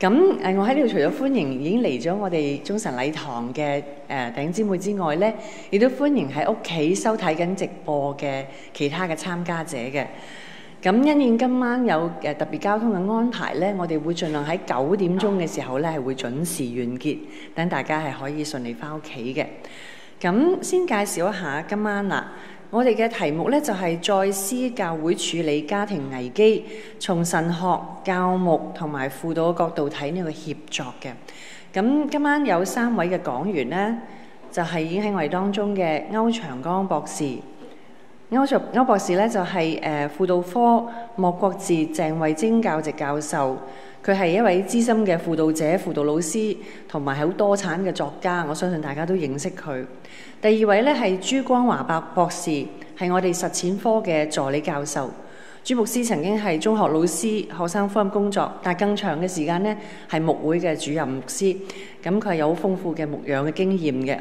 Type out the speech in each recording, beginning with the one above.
咁誒，我喺呢度除咗歡迎已經嚟咗我哋中神禮堂嘅誒頂姊妹之外咧，亦都歡迎喺屋企收睇緊直播嘅其他嘅參加者嘅。咁因應今晚有誒特別交通嘅安排咧，我哋會盡量喺九點鐘嘅時候咧係會準時完結，等大家係可以順利返屋企嘅。咁先介紹一下今晚啦。我哋嘅題目呢，就係再思教會處理家庭危機，從神學教牧同埋輔導角度睇呢個協作嘅。咁今晚有三位嘅講員呢，就係已經喺我哋當中嘅區祥江博士、區、區博士呢，就係誒輔導科莫國治、鄭惠貞教席教授，教授。佢係一位資深嘅輔導者、輔導老師，同埋好多產嘅作家，我相信大家都認識佢。第二位呢係朱光華博士，係我哋實踐科嘅助理教授。朱牧師曾經係中學老師、學生科任工作，但更長嘅時間呢係牧會嘅主任牧師，咁佢有好豐富嘅牧養嘅經驗嘅。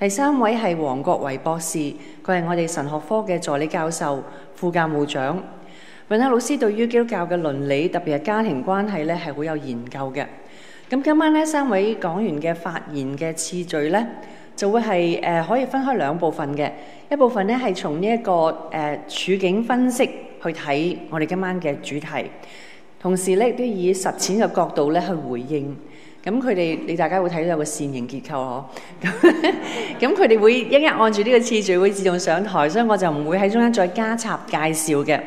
第三位係黃國維博士，佢係我哋神學科嘅助理教授、副教務長。韋恩老師對於基督教嘅倫理，特別係家庭關係咧，係好有研究嘅。咁今晚咧，三位講員嘅發言嘅次序咧，就會係誒、呃、可以分開兩部分嘅。一部分咧係從呢一、這個誒、呃、處境分析去睇我哋今晚嘅主題，同時咧亦都以實踐嘅角度咧去回應。咁佢哋你大家會睇到有個線形結構呵。咁佢哋會一一按住呢個次序會自動上台，所以我就唔會喺中間再加插介紹嘅。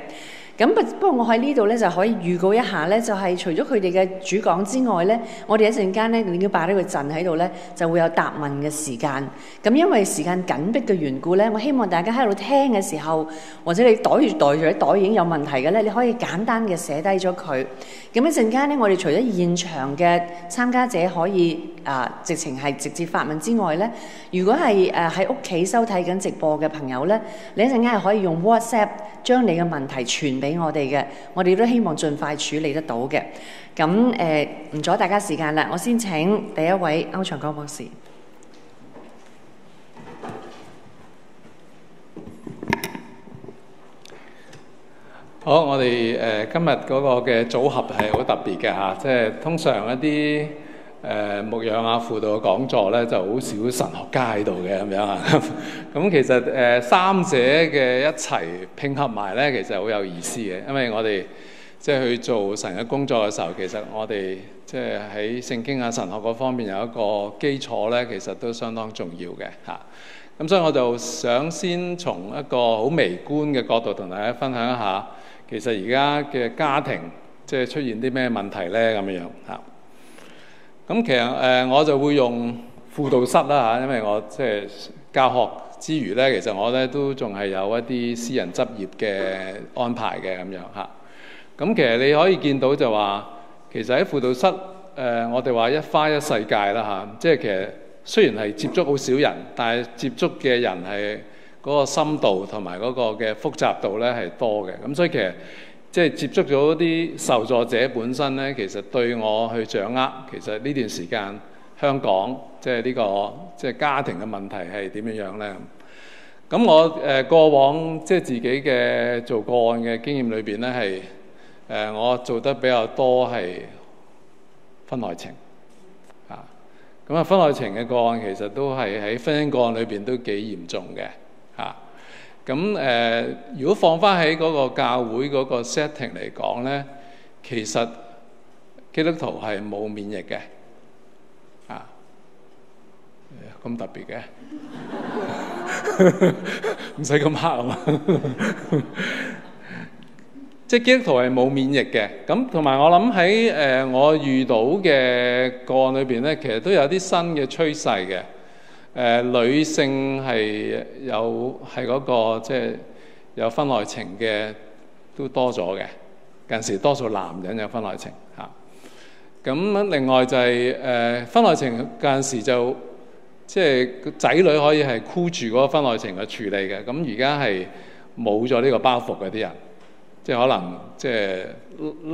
咁不過我喺呢度咧就可以預告一下咧，就係除咗佢哋嘅主講之外咧，我哋一陣間咧你要擺呢個陣喺度咧，就會有答問嘅時間，咁因為時間緊迫嘅緣故咧，我希望大家喺度聽嘅時候，或者你袋住袋住袋已經有問題嘅咧，你可以簡單嘅寫低咗佢。咁一陣間咧，我哋除咗現場嘅參加者可以啊、呃、直情係直接發問之外咧，如果係誒喺屋企收睇緊直播嘅朋友咧，你一陣間係可以用 WhatsApp 將你嘅問題傳俾俾我哋嘅，我哋都希望盡快處理得到嘅。咁誒，唔、呃、阻大家時間啦，我先請第一位區祥江博士。好，我哋誒、呃、今日嗰個嘅組合係好特別嘅吓，即、啊、係、就是、通常一啲。誒、呃、牧養啊、輔導嘅講座咧，就好少神學家喺度嘅咁樣啊。咁 其實誒、呃、三者嘅一齊拼合埋咧，其實好有意思嘅。因為我哋即係去做神嘅工作嘅時候，其實我哋即係喺聖經啊、神學嗰方面有一個基礎咧，其實都相當重要嘅嚇。咁所以我就想先從一個好微觀嘅角度同大家分享一下，其實而家嘅家庭即係出現啲咩問題咧咁樣嚇。咁其實誒、呃、我就會用輔導室啦嚇、啊，因為我即係、就是、教學之餘咧，其實我咧都仲係有一啲私人執業嘅安排嘅咁樣嚇。咁、啊、其實你可以見到就話，其實喺輔導室誒、呃，我哋話一花一世界啦吓、啊，即係其實雖然係接觸好少人，但係接觸嘅人係嗰、那個深度同埋嗰個嘅複雜度咧係多嘅，咁、啊、所以其實。即係接觸咗啲受助者本身咧，其實對我去掌握，其實呢段時間香港即係呢、這個即係家庭嘅問題係點樣樣咧？咁我誒、呃、過往即係自己嘅做個案嘅經驗裏邊咧，係、呃、誒我做得比較多係婚外情啊。咁啊，婚外情嘅個案其實都係喺婚姻個案裏邊都幾嚴重嘅。咁誒，如果放翻喺嗰個教會嗰個 setting 嚟講咧，其實基督徒係冇免疫嘅，啊，咁特別嘅，唔使咁黑啊嘛，即係基督徒係冇免疫嘅。咁同埋我諗喺誒我遇到嘅個案裏邊咧，其實都有啲新嘅趨勢嘅。誒、呃、女性係有係嗰、那個即係有婚外情嘅都多咗嘅，近時多數男人有婚外情嚇。咁、啊嗯、另外就係誒婚外情，有陣時就即係仔女可以係箍住嗰個婚外情嘅處理嘅。咁而家係冇咗呢個包袱嘅啲人，即係可能即係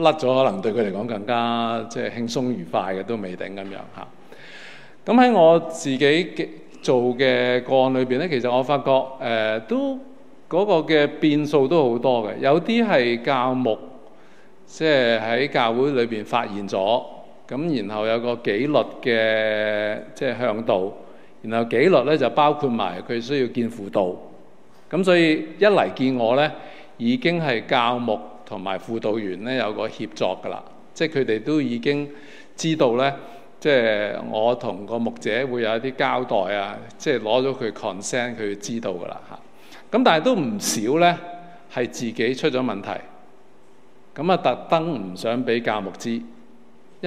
甩咗，可能對佢嚟講更加即係輕鬆愉快嘅都未定咁樣嚇。咁、啊、喺、嗯、我自己嘅。做嘅個案裏邊咧，其實我發覺誒、呃、都嗰、那個嘅變數都好多嘅，有啲係教牧，即係喺教會裏邊發現咗，咁然後有個紀律嘅即係向導，然後紀律咧就包括埋佢需要見輔導，咁所以一嚟見我咧已經係教牧同埋輔導員咧有個協作㗎啦，即係佢哋都已經知道咧。即係我同個牧者會有一啲交代啊，即係攞咗佢 c o n s e n 佢知道㗎啦嚇。咁但係都唔少咧，係自己出咗問題。咁啊，特登唔想俾教牧知，因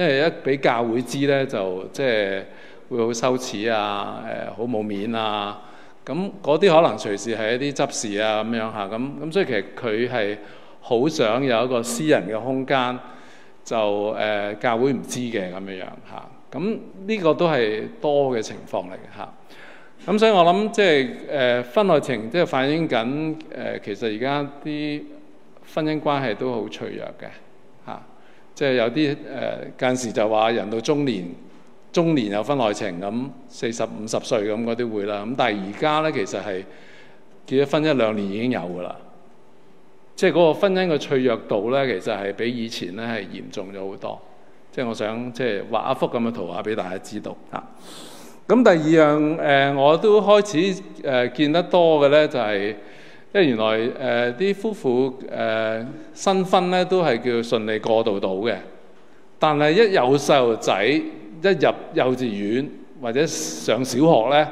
為一俾教會知咧，就即係會好羞恥啊，誒、呃，好冇面啊。咁嗰啲可能隨時係一啲執事啊咁樣嚇。咁咁所以其實佢係好想有一個私人嘅空間，就誒、呃、教會唔知嘅咁樣樣嚇。咁呢個都係多嘅情況嚟嘅嚇，咁所以我諗即係誒婚外情，即係反映緊誒、呃、其實而家啲婚姻關係都好脆弱嘅嚇、啊，即係有啲誒間時就話人到中年，中年有婚外情咁，四十五十歲咁嗰啲會啦，咁但係而家咧其實係結咗婚一兩年已經有噶啦，即係嗰個婚姻嘅脆弱度咧，其實係比以前咧係嚴重咗好多。即係我想，即係畫一幅咁嘅圖畫俾大家知道吓。咁第二樣誒、呃，我都開始誒、呃、見得多嘅咧，就係、是、因為原來誒啲、呃、夫婦誒新婚咧都係叫順利過渡到嘅，但係一有細路仔，一入幼稚園或者上小學咧，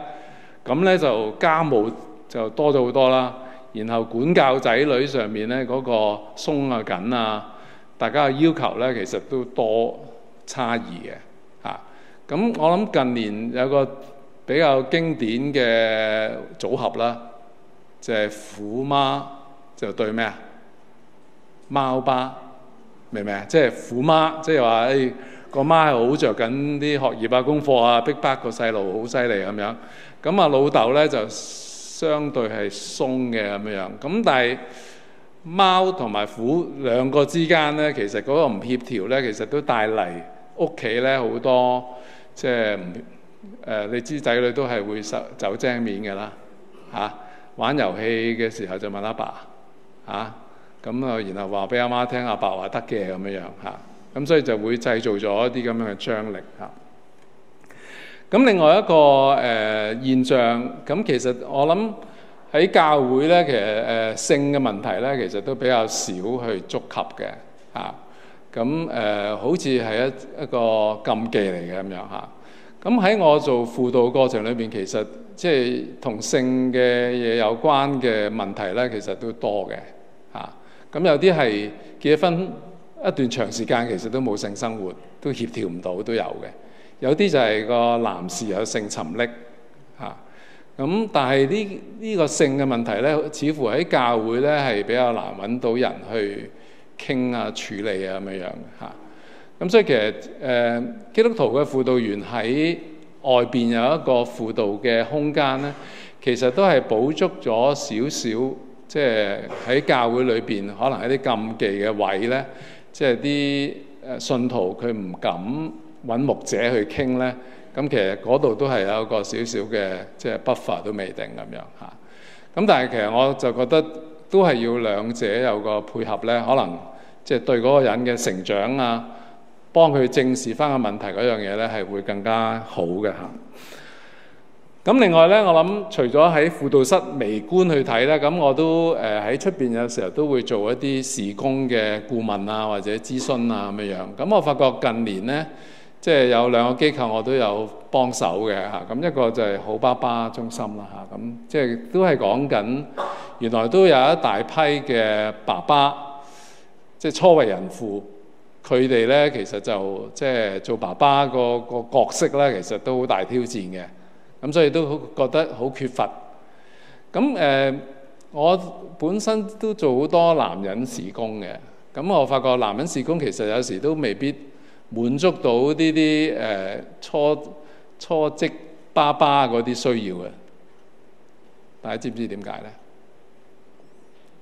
咁咧就家務就多咗好多啦。然後管教仔女上面咧嗰、那個鬆啊緊啊。大家嘅要求咧，其實都多差異嘅嚇。咁、啊、我諗近年有個比較經典嘅組合啦，就係虎媽就對咩啊？貓爸明唔明啊？即係虎媽，即係話誒個媽係好着緊啲學業啊、功課啊，逼迫個細路好犀利咁樣。咁啊老豆咧就相對係鬆嘅咁樣。咁但係貓同埋虎兩個之間咧，其實嗰個唔協調咧，其實都帶嚟屋企咧好多即係誒，你知仔女都係會走走精面嘅啦嚇、啊。玩遊戲嘅時候就問阿爸嚇，咁啊，啊然後話俾阿媽聽，阿爸話得嘅咁樣樣嚇，咁、啊啊、所以就會製造咗一啲咁樣嘅張力嚇。咁、啊、另外一個誒、呃、現象，咁其實我諗，喺教會咧，其實誒性嘅問題咧，其實都比較少去觸及嘅嚇。咁、啊、誒、呃、好似係一一個禁忌嚟嘅咁樣嚇。咁、啊、喺我做輔導過程裏邊，其實即係同性嘅嘢有關嘅問題咧，其實都多嘅嚇。咁、啊、有啲係結婚一段長時間，其實都冇性生活，都協調唔到都有嘅。有啲就係個男士有性沉溺。咁但係呢，呢個性嘅問題咧，似乎喺教會咧係比較難揾到人去傾啊、處理啊咁樣嘅嚇。咁、嗯、所以其實誒、呃、基督徒嘅輔導員喺外邊有一個輔導嘅空間咧，其實都係補足咗少少，即係喺教會裏邊可能係啲禁忌嘅位咧，即係啲誒信徒佢唔敢揾牧者去傾咧。咁其實嗰度都係有一個少少嘅即係不法都未定咁樣嚇。咁但係其實我就覺得都係要兩者有個配合咧，可能即係對嗰個人嘅成長啊，幫佢正視返個問題嗰樣嘢咧，係會更加好嘅嚇。咁另外咧，我諗除咗喺輔導室微觀去睇咧，咁我都誒喺出邊有時候都會做一啲時工嘅顧問啊，或者諮詢啊咁樣。咁我發覺近年咧。即係有兩個機構我，我都有幫手嘅嚇。咁一個就係好爸爸中心啦嚇。咁即係都係講緊原來都有一大批嘅爸爸，即係初為人父，佢哋咧其實就即係做爸爸個、嗰個角色咧，其實都好大挑戰嘅。咁所以都覺得好缺乏。咁誒、呃，我本身都做好多男人事工嘅。咁我發覺男人事工其實有時都未必。滿足到呢啲誒初初職爸爸嗰啲需要嘅，大家知唔知點解咧？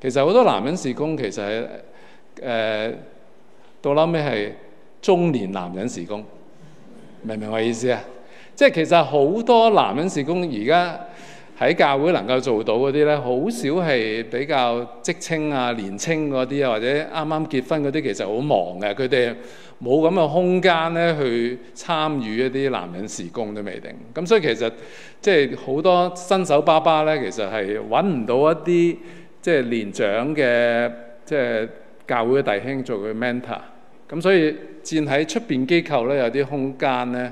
其實好多男人事工其實係誒、呃、到撚尾係中年男人事工，明唔明我意思啊？即係其實好多男人事工而家，喺教會能夠做到嗰啲咧，好少係比較職青啊、年青嗰啲啊，或者啱啱結婚嗰啲，其實好忙嘅。佢哋冇咁嘅空間咧，去參與一啲男人事工都未定。咁所以其實即係好多新手爸爸咧，其實係揾唔到一啲即係年長嘅即係教會嘅弟兄做佢 mentor。咁所以站喺出邊機構咧，有啲空間咧。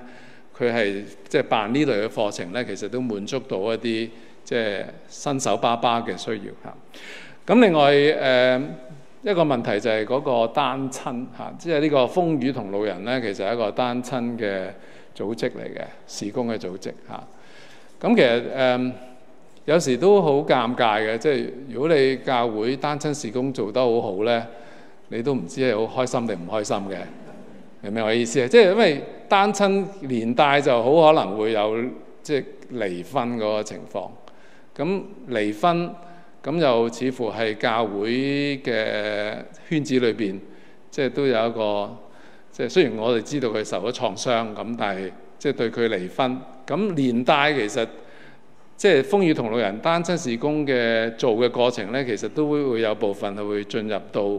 佢係即係辦呢類嘅課程呢，其實都滿足到一啲即係新手爸爸嘅需要嚇。咁、啊、另外誒、呃、一個問題就係嗰個單親、啊、即係呢個風雨同路人呢，其實係一個單親嘅組織嚟嘅事工嘅組織嚇。咁、啊啊、其實誒、呃、有時都好尷尬嘅，即係如果你教會單親事工做得好好呢，你都唔知係好開心定唔開心嘅。明唔明我意思啊？即係因為單親年代就好可能會有即係離婚嗰個情況。咁離婚咁又似乎係教會嘅圈子裏邊，即係都有一個即係雖然我哋知道佢受咗創傷咁，但係即係對佢離婚咁年代其實即係風雨同路人單親事工嘅做嘅過程咧，其實都會會有部分係會進入到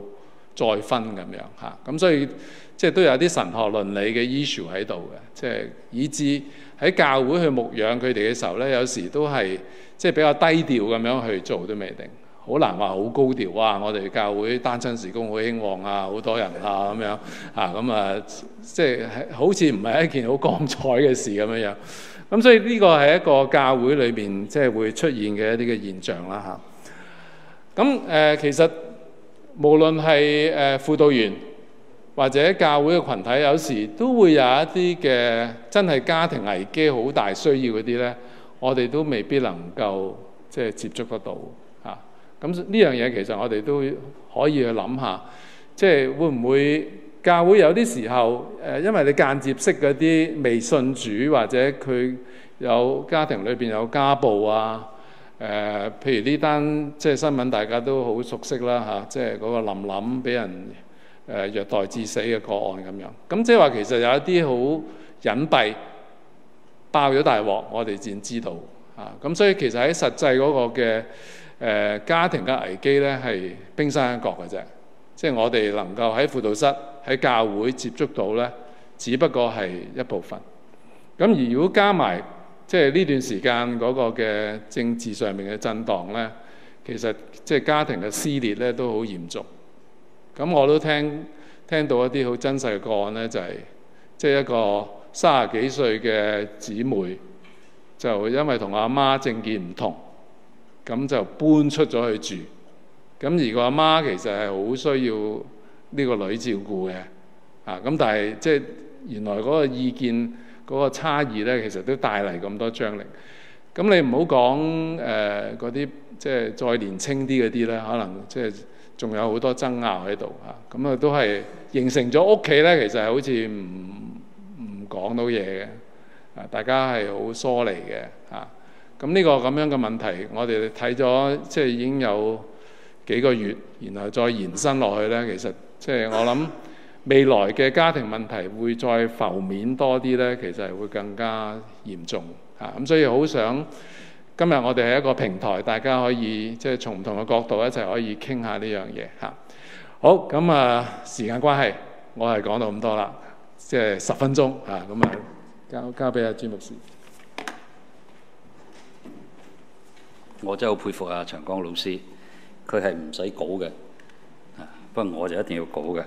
再婚咁樣嚇。咁所以。即係都有啲神學倫理嘅 issue 喺度嘅，即係以致喺教會去牧養佢哋嘅時候咧，有時都係即係比較低調咁樣去做都未定，好難話好高調啊！我哋教會單身時工好興旺啊，好多人啊咁樣啊，咁啊即係好似唔係一件好光彩嘅事咁樣樣。咁所以呢個係一個教會裏面即係會出現嘅一啲嘅現象啦，吓，咁誒，其實無論係誒輔導員。或者教會嘅群體有時都會有一啲嘅真係家庭危機好大需要嗰啲呢。我哋都未必能夠即係接觸得到嚇。咁呢樣嘢其實我哋都可以去諗下，即係會唔會教會有啲時候誒、呃，因為你間接識嗰啲未信主或者佢有家庭裏邊有家暴啊，誒、呃，譬如呢單即係新聞大家都好熟悉啦嚇、啊，即係嗰個林林俾人，誒虐待致死嘅個案咁樣，咁即係話其實有一啲好隱蔽，爆咗大鑊，我哋先知道嚇。咁、啊、所以其實喺實際嗰個嘅誒、呃、家庭嘅危機咧，係冰山一角嘅啫。即係我哋能夠喺輔導室、喺教會接觸到咧，只不過係一部分。咁而如果加埋即係呢段時間嗰個嘅政治上面嘅震盪咧，其實即係家庭嘅撕裂咧都好嚴重。咁我都聽聽到一啲好真實嘅個案咧，就係即係一個三十幾歲嘅姊妹，就因為同阿媽政見唔同，咁就搬出咗去住。咁而個阿媽其實係好需要呢個女照顧嘅，啊咁但係即係原來嗰個意見嗰個差異咧，其實都帶嚟咁多張力。咁你唔好講誒嗰啲即係再年輕啲嗰啲咧，可能即係。就是仲有好多爭拗喺度啊，咁啊、嗯、都係形成咗屋企咧，其實係好似唔唔講到嘢嘅，啊大家係好疏離嘅啊。咁、啊、呢、嗯這個咁樣嘅問題，我哋睇咗即係已經有幾個月，然後再延伸落去咧，其實即係我諗未來嘅家庭問題會再浮面多啲咧，其實係會更加嚴重啊。咁、啊嗯、所以好想。今日我哋係一個平台，大家可以即係從唔同嘅角度一齊可以傾下呢樣嘢嚇。好，咁啊，時間關係，我係講到咁多啦，即係十分鐘啊。咁啊，交交俾阿朱牧師。我真係好佩服阿祥江老師，佢係唔使稿嘅啊。不過我就一定要稿嘅。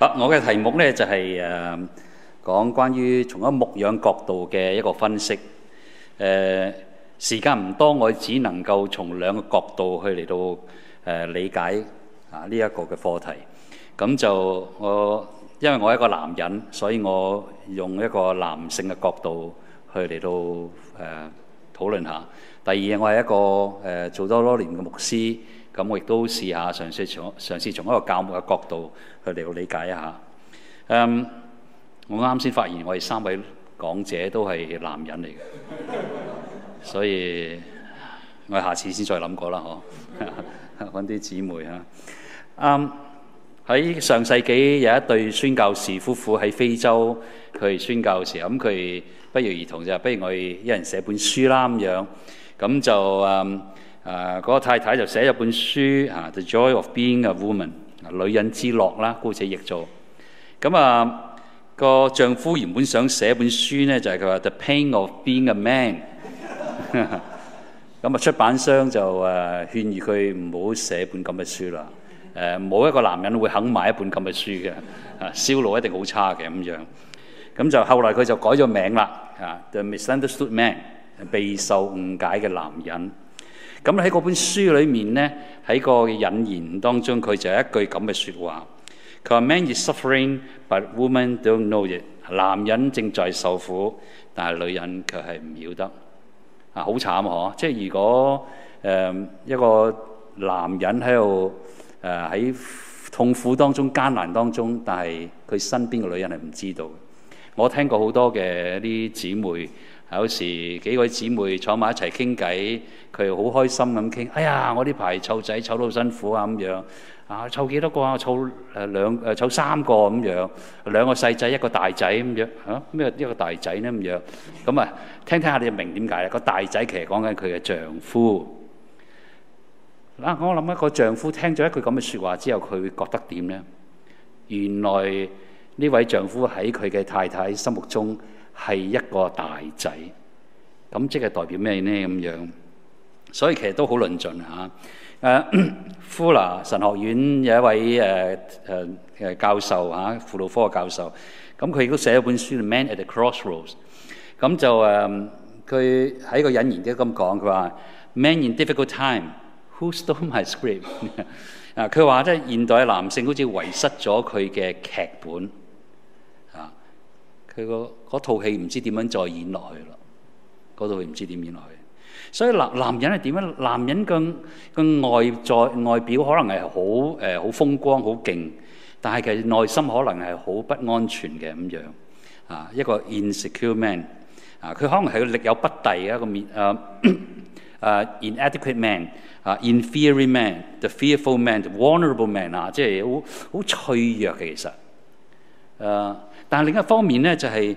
好，我嘅題目呢就係誒講關於從一牧養角度嘅一個分析。誒、uh，時間唔多，我只能夠從兩個角度去嚟到誒理解啊呢一個嘅課題。咁就我因為我係一個男人，所以我用一個男性嘅角度去嚟到誒討論下。第二，我係一個誒做多多年嘅牧師，咁我亦都試下嘗試從嘗試從一個教牧嘅角度去嚟到理解一下。嗯、um，我啱先發現我哋三位講者都係男人嚟嘅，所以我下次先再諗過啦，嗬！揾啲姊妹啊，啱喺上世紀有一對宣教士夫婦喺非洲去宣教時，咁佢不約而同就不如我一人寫本書啦咁樣，咁就誒誒嗰個太太就寫咗本書，《The Joy of Being a Woman》女人之樂啦，姑且譯做，咁啊。個丈夫原本想寫本書呢，就係佢話《The Pain of Being a Man》，咁啊，出版商就誒、呃、勸喻佢唔好寫本咁嘅書啦。誒、呃、冇一個男人會肯買一本咁嘅書嘅，銷 路一定好差嘅咁樣。咁就後來佢就改咗名啦，《The Misunderstood Man》，備受誤解嘅男人。咁喺嗰本書裏面呢，喺個引言當中，佢就一句咁嘅説話。佢話：「Man is suffering but women don't know it。」男人正在受苦，但係女人卻係唔曉得。啊，好慘呵！即係如果誒、呃、一個男人喺度誒喺痛苦當中、艱難當中，但係佢身邊嘅女人係唔知道。我聽過好多嘅啲姊妹。有時幾個姊妹坐埋一齊傾偈，佢好開心咁傾。哎呀，我呢排湊仔湊到辛苦啊咁樣。啊，湊幾多個啊？湊誒兩誒湊、啊、三個咁樣，兩個細仔一個大仔咁樣嚇。咩、啊、一個大仔呢？咁樣？咁啊，聽聽下你就明點解啦。個大仔其實講緊佢嘅丈夫。嗱、啊，我諗一個丈夫聽咗一句咁嘅説話之後，佢會覺得點呢？原來呢位丈夫喺佢嘅太太心目中，係一個大仔咁，即係代表咩呢？咁樣，所以其實都好論盡啊。誒，呼 啦神學院有一位誒誒誒教授嚇，輔導科嘅教授。咁佢亦都寫咗本書《Man at the Crossroads》。咁就誒，佢喺個引言之中咁講，佢話：Man in difficult time who stole my script 啊？佢話即係現代男性好似遺失咗佢嘅劇本啊。佢個。嗰套戲唔知點樣再演落去咯，嗰套戲唔知點演落去。所以男男人係點樣？男人嘅嘅外在外表可能係好誒好風光好勁，但係其實內心可能係好不安全嘅咁樣啊。一個 insecure man 啊，佢可能係力有不逮嘅一個面誒誒 inadequate man 啊、uh,，inferior man，the fearful man，the vulnerable man 啊，即係好好脆弱嘅其實。誒、啊，但係另一方面咧就係、是。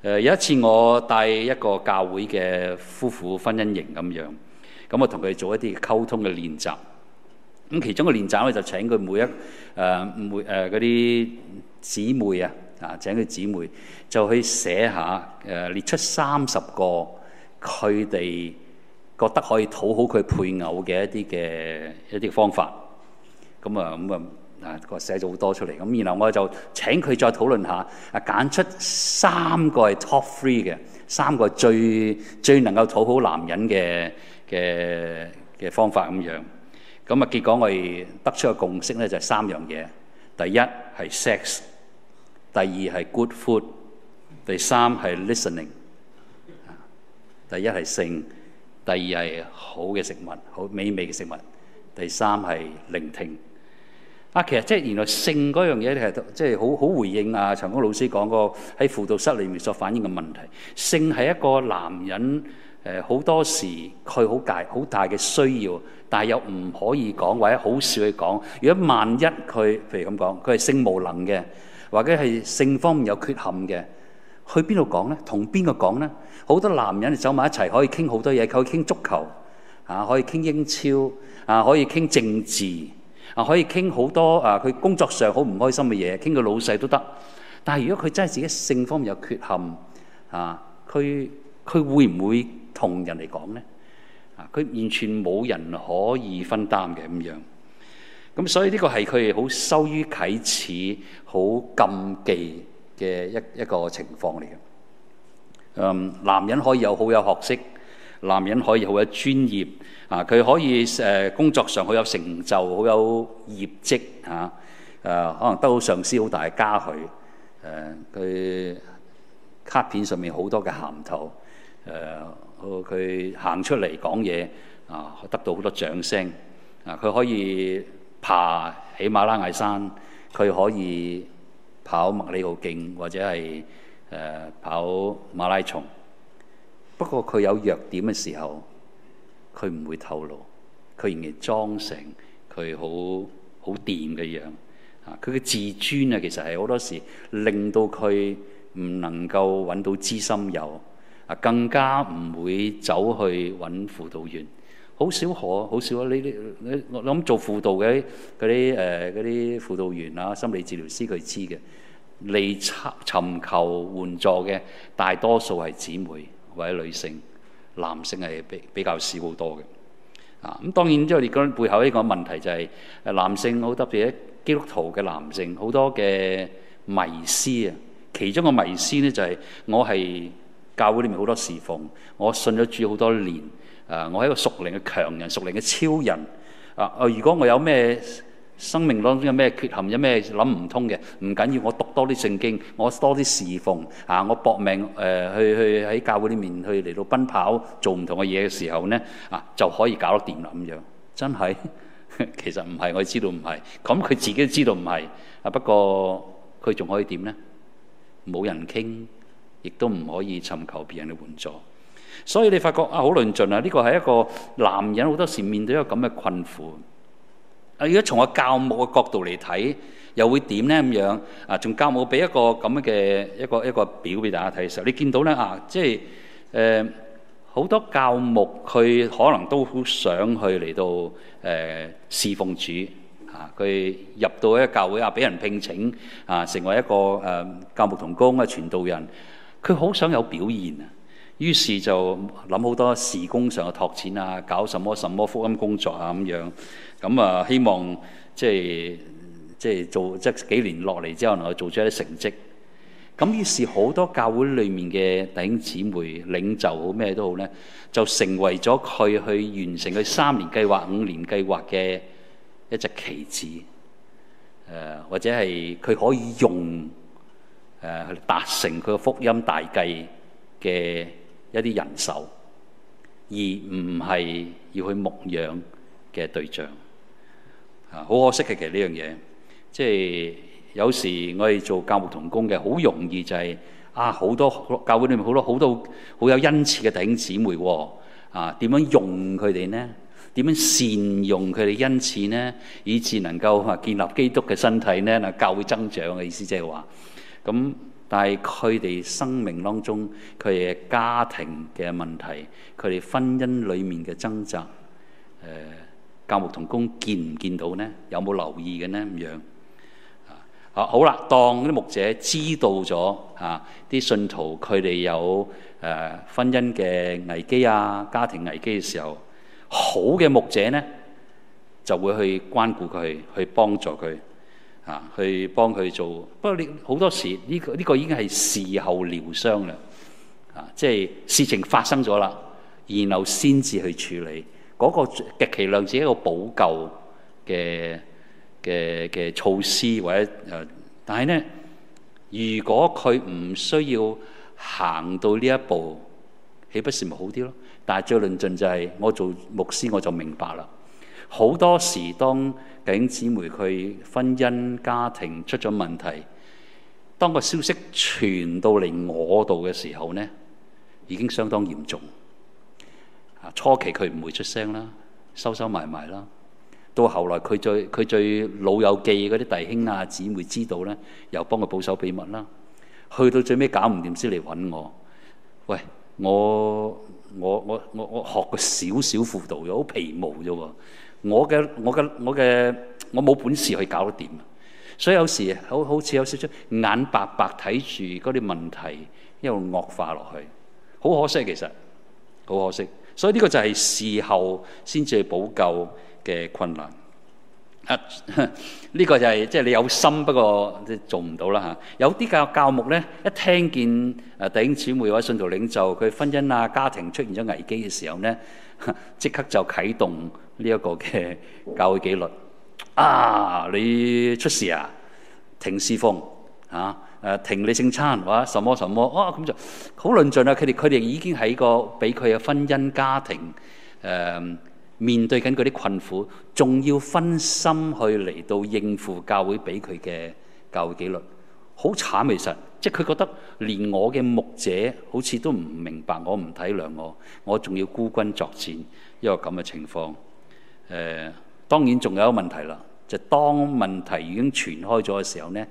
誒，有一次我帶一個教會嘅夫婦婚姻營咁樣，咁我同佢做一啲溝通嘅練習。咁其中嘅練習咧，就請佢每一誒、呃、每誒嗰啲姊妹啊，啊請佢姊妹就去寫下誒、呃、列出三十個佢哋覺得可以討好佢配偶嘅一啲嘅一啲方法。咁啊咁樣。嗯嗱，佢寫咗好多出嚟，咁然後我就請佢再討論下，啊揀出三個係 top three 嘅，三個最最能夠討好男人嘅嘅嘅方法咁樣。咁啊結果我哋得出嘅共識咧就係三樣嘢，第一係 sex，第二係 good food，第三係 listening。第一係性，第二係好嘅食物，好美味嘅食物，第三係聆聽。啊，其實即係原來性嗰樣嘢你係即係好好回應啊祥江老師講個喺輔導室裏面所反映嘅問題。性係一個男人誒，好多時佢好大好大嘅需要，但係又唔可以講或者好少去講。如果萬一佢譬如咁講，佢係性無能嘅，或者係性方面有缺陷嘅，去邊度講咧？同邊個講咧？好多男人走埋一齊可以傾好多嘢，可以傾足球啊，可以傾英超啊，可以傾政治。啊，可以傾好多啊，佢工作上好唔開心嘅嘢，傾佢老細都得。但係如果佢真係自己性方面有缺陷，啊，佢佢會唔會同人嚟講呢？啊，佢完全冇人可以分擔嘅咁樣。咁所以呢個係佢哋好羞於啟齒、好禁忌嘅一一個情況嚟嘅。嗯，男人可以有好有學識。男人可以好有專業啊，佢可以誒、呃、工作上好有成就、好有業績啊，誒可能得到上司好大嘉許。誒、啊、佢卡片上面好多嘅銜頭，誒佢行出嚟講嘢啊，得到好多掌聲。啊，佢可以爬喜馬拉雅山，佢可以跑麥理浩徑或者係誒、啊、跑馬拉松。不過佢有弱點嘅時候，佢唔會透露，佢仍然裝成佢好好掂嘅樣。啊，佢嘅自尊啊，其實係好多時令到佢唔能夠揾到知心友啊，更加唔會走去揾輔導員，好少可好少啊！呢啲我諗做輔導嘅嗰啲誒啲輔導員啊、心理治療師佢知嘅，你尋尋求援助嘅大多數係姊妹。或者女性、男性係比比較少好多嘅，啊咁當然之後，你講背後一個問題就係、是，男性，好特別基督徒嘅男性，好多嘅迷思啊。其中個迷思咧就係、是，我係教會裡面好多侍奉，我信咗主好多年，啊，我係一個屬靈嘅強人、屬靈嘅超人，啊，如果我有咩，生命當中有咩缺陷，有咩諗唔通嘅，唔緊要。我讀多啲聖經，我多啲侍奉啊！我搏命誒去去喺教會裏面去嚟到奔跑，做唔同嘅嘢嘅時候呢啊就可以搞到掂啦咁樣。真係其實唔係，我知道唔係。咁佢自己都知道唔係啊，不過佢仲可以點呢？冇人傾，亦都唔可以尋求別人嘅援助。所以你發覺啊，好論盡啊！呢個係一個男人好多時面對一個咁嘅困苦。啊！如果從個教牧嘅角度嚟睇，又會點呢？咁樣啊，從教牧俾一個咁樣嘅一個一個表俾大家睇嘅時候，你見到呢，啊，即係誒好多教牧佢可能都好想去嚟到誒、呃、侍奉主啊，佢入到一個教會啊，俾人聘請啊，成為一個誒、呃、教牧同工嘅傳道人，佢好想有表現啊，於是就諗好多時工上嘅拓展啊，搞什麼什麼福音工作啊咁樣。咁啊，希望即係即係做即係幾年落嚟之後，能夠做出一啲成績。咁於是好多教會裏面嘅弟兄姊妹領袖好咩都好咧，就成為咗佢去完成佢三年計劃、五年計劃嘅一隻棋子。誒、呃、或者係佢可以用誒去達成佢福音大計嘅一啲人手，而唔係要去牧養嘅對象。啊！好可惜嘅，其實呢樣嘢，即係有時我哋做教牧同工嘅，好容易就係啊，好多教會裏面好多好多好有恩賜嘅弟兄姊妹喎。啊，點樣用佢哋呢？點樣善用佢哋恩賜呢？以至能夠啊建立基督嘅身體呢？嗱，教會增長嘅意思即係話，咁、嗯、但係佢哋生命當中佢哋家庭嘅問題，佢哋婚姻裏面嘅掙扎，誒、呃。教牧同工見唔見到呢？有冇留意嘅呢？咁樣啊，好啦，當啲牧者知道咗啊，啲信徒佢哋有誒、啊、婚姻嘅危機啊，家庭危機嘅時候，好嘅牧者呢就會去關顧佢，去幫助佢啊，去幫佢做。不過你好多時呢、這個呢、這個已經係事後療傷啦啊，即係事情發生咗啦，然後先至去處理。嗰個極其量，只係一個補救嘅嘅嘅措施或者誒，但係呢，如果佢唔需要行到呢一步，豈不是咪好啲咯？但係最論盡就係、是、我做牧師我就明白啦。好多時當弟兄姊妹佢婚姻家庭出咗問題，當個消息傳到嚟我度嘅時候呢，已經相當嚴重。初期佢唔會出聲啦，收收埋埋啦。到後來佢最佢最老友記嗰啲弟兄啊姊妹知道咧，又幫佢保守秘密啦。去到最尾搞唔掂先嚟揾我。喂，我我我我我學過少少輔導，又好皮毛啫。我嘅我嘅我嘅我冇本事去搞得掂，所以有時好好似有少少眼白白睇住嗰啲問題一路惡化落去，好可惜其實好可惜。所以呢個就係事後先至去補救嘅困難。呢、啊這個就係即係你有心，不過做唔到啦嚇、啊。有啲教教牧呢，一聽見啊弟兄姊妹或信徒領袖佢婚姻啊家庭出現咗危機嘅時候呢，即、啊、刻就啟動呢一個嘅教會紀律。啊，你出事，事啊，停事奉啊！誒、呃、停你聖餐話什麼什麼哦，咁、啊、就好論盡啦！佢哋佢哋已經喺個俾佢嘅婚姻家庭誒、呃、面對緊嗰啲困苦，仲要分心去嚟到應付教會俾佢嘅教會紀律，好慘其實。即係佢覺得連我嘅牧者好似都唔明白我唔體諒我，我仲要孤軍作戰，一個咁嘅情況。誒、呃、當然仲有一個問題啦，就是，當問題已經傳開咗嘅時候呢。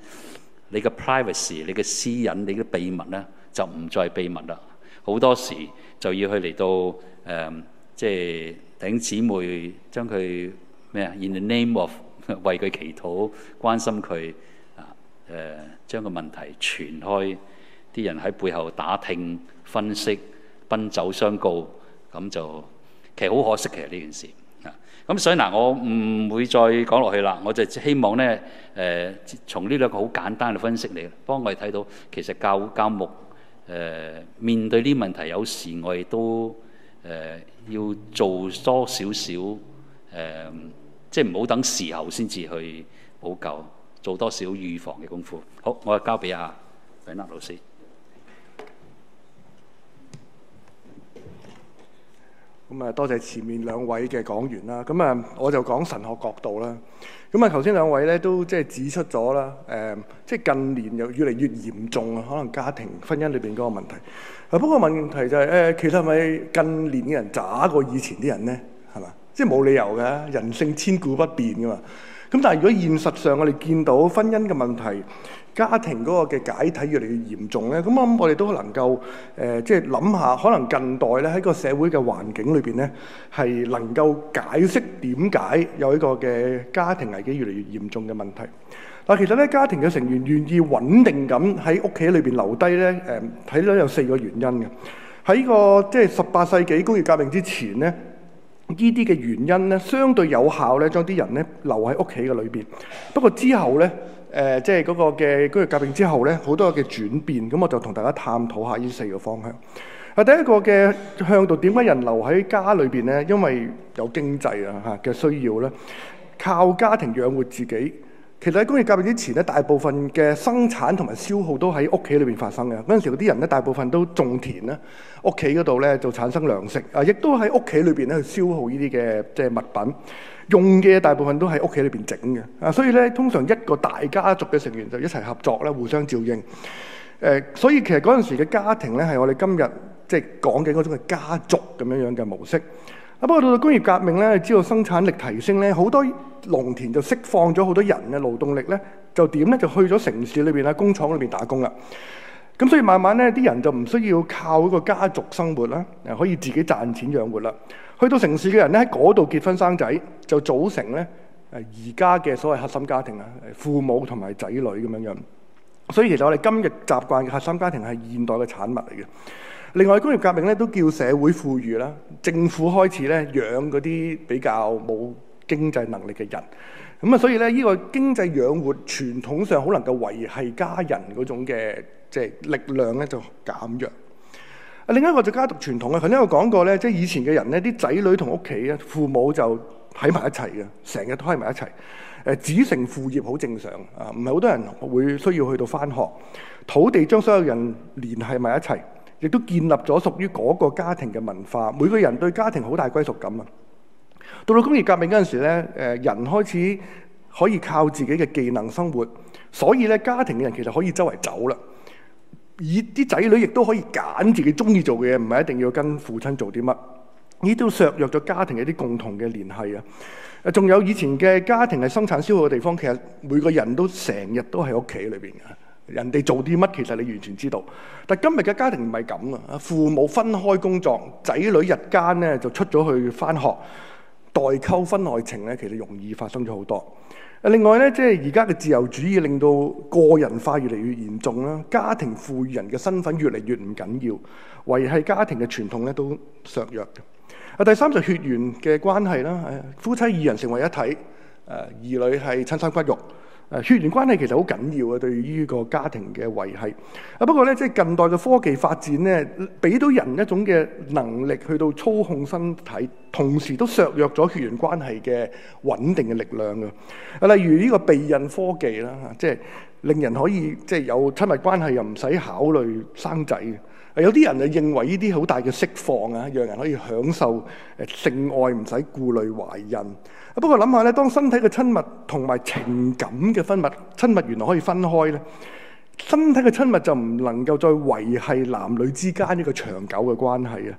你嘅 privacy 你、你嘅私隱你嘅秘密咧，就唔再秘密啦。好多時就要去嚟到誒即係頂姊妹將佢咩啊，in the name of 為佢祈禱關心佢啊，誒將個問題傳開，啲人喺背後打聽分析、奔走相告，咁就其實好可惜。其實呢件事。咁、嗯、所以嗱，我唔會再講落去啦。我就希望咧，誒、呃，從呢兩個好簡單嘅分析嚟，幫我哋睇到其實教教牧誒、呃、面對呢問題，有時我哋都誒、呃、要做多少少誒，即係唔好等時候先至去補救，做多少預防嘅功夫。好，我就交俾阿李立老師。咁啊，多謝前面兩位嘅講員啦。咁啊，我就講神學角度啦。咁啊，頭先兩位咧都即係指出咗啦。誒、呃，即係近年又越嚟越嚴重啊，可能家庭婚姻裏邊嗰個問題。啊，不過問題就係、是、誒、呃，其實係咪近年嘅人差過以前啲人咧？係嘛，即係冇理由嘅，人性千古不變噶嘛。咁但係如果現實上我哋見到婚姻嘅問題，家庭嗰個嘅解體越嚟越嚴重咧，咁我諗我哋都能夠誒，即係諗下，可能近代咧喺個社會嘅環境裏邊咧，係能夠解釋點解有呢個嘅家庭危機越嚟越嚴重嘅問題。嗱，其實咧，家庭嘅成員願意穩定咁喺屋企裏邊留低咧，誒，睇到有四個原因嘅。喺呢個即係十八世紀工業革命之前咧，呢啲嘅原因咧，相對有效咧，將啲人咧留喺屋企嘅裏邊。不過之後咧，誒，即係嗰個嘅工業革命之後咧，好多嘅轉變，咁我就同大家探討下呢四個方向。啊，第一個嘅向度，點解人留喺家裏邊咧？因為有經濟啊嚇嘅需要咧，靠家庭養活自己。其實喺工業革命之前咧，大部分嘅生產同埋消耗都喺屋企裏邊發生嘅。嗰陣時嗰啲人咧，大部分都種田啦，屋企嗰度咧就產生糧食啊，亦都喺屋企裏邊咧去消耗呢啲嘅即係物品。用嘅大部分都喺屋企裏邊整嘅，啊，所以咧通常一個大家族嘅成員就一齊合作咧，互相照應。誒、呃，所以其實嗰陣時嘅家庭咧，係我哋今日即係講緊嗰種嘅家族咁樣樣嘅模式。啊，不過到到工業革命咧，知道生產力提升咧，好多農田就釋放咗好多人嘅勞動力咧，就點咧就去咗城市裏邊啊工廠裏邊打工啦。咁所以慢慢咧，啲人就唔需要靠一個家族生活啦，可以自己賺錢養活啦。去到城市嘅人咧，喺嗰度結婚生仔，就組成咧誒，而家嘅所謂核心家庭啊，父母同埋仔女咁樣樣。所以其實我哋今日習慣嘅核心家庭係現代嘅產物嚟嘅。另外工業革命咧都叫社會富裕啦，政府開始咧養嗰啲比較冇經濟能力嘅人。咁啊，所以咧呢個經濟養活傳統上好能夠維繫家人嗰種嘅即係力量咧就減弱。另一個就家族傳統啊，頭先我講過咧，即係以前嘅人咧，啲仔女同屋企啊，父母就喺埋一齊嘅，呃、成日都喺埋一齊。誒子承父業好正常啊，唔係好多人會需要去到返學。土地將所有人聯繫埋一齊，亦都建立咗屬於嗰個家庭嘅文化。每個人對家庭好大歸屬感啊。到到工業革命嗰陣時咧，誒、呃、人開始可以靠自己嘅技能生活，所以咧家庭嘅人其實可以周圍走啦。而啲仔女亦都可以揀自己中意做嘅嘢，唔係一定要跟父親做啲乜，呢都削弱咗家庭嘅一啲共同嘅聯繫啊！仲有以前嘅家庭係生產消耗嘅地方，其實每個人都成日都喺屋企裏邊嘅，人哋做啲乜其實你完全知道。但今日嘅家庭唔係咁啊，父母分開工作，仔女日間咧就出咗去返學，代溝、婚外情咧，其實容易發生咗好多。另外咧，即係而家嘅自由主義令到個人化越嚟越嚴重啦，家庭富裕人嘅身份越嚟越唔緊要，維繫家庭嘅傳統咧都削弱嘅。啊，第三就係血緣嘅關係啦，夫妻二人成為一體，誒兒女係親生骨肉。誒血緣關係其實好緊要嘅，對於個家庭嘅維係，啊不過咧，即係近代嘅科技發展咧，俾到人一種嘅能力去到操控身體，同時都削弱咗血緣關係嘅穩定嘅力量嘅。啊，例如呢個避孕科技啦，即係令人可以即係有親密關係又唔使考慮生仔。有啲人就認為呢啲好大嘅釋放啊，讓人可以享受誒性愛，唔使顧慮懷孕。不過諗下咧，當身體嘅親密同埋情感嘅分密，親密原來可以分開咧。身體嘅親密就唔能夠再維繫男女之間呢個長久嘅關係啊！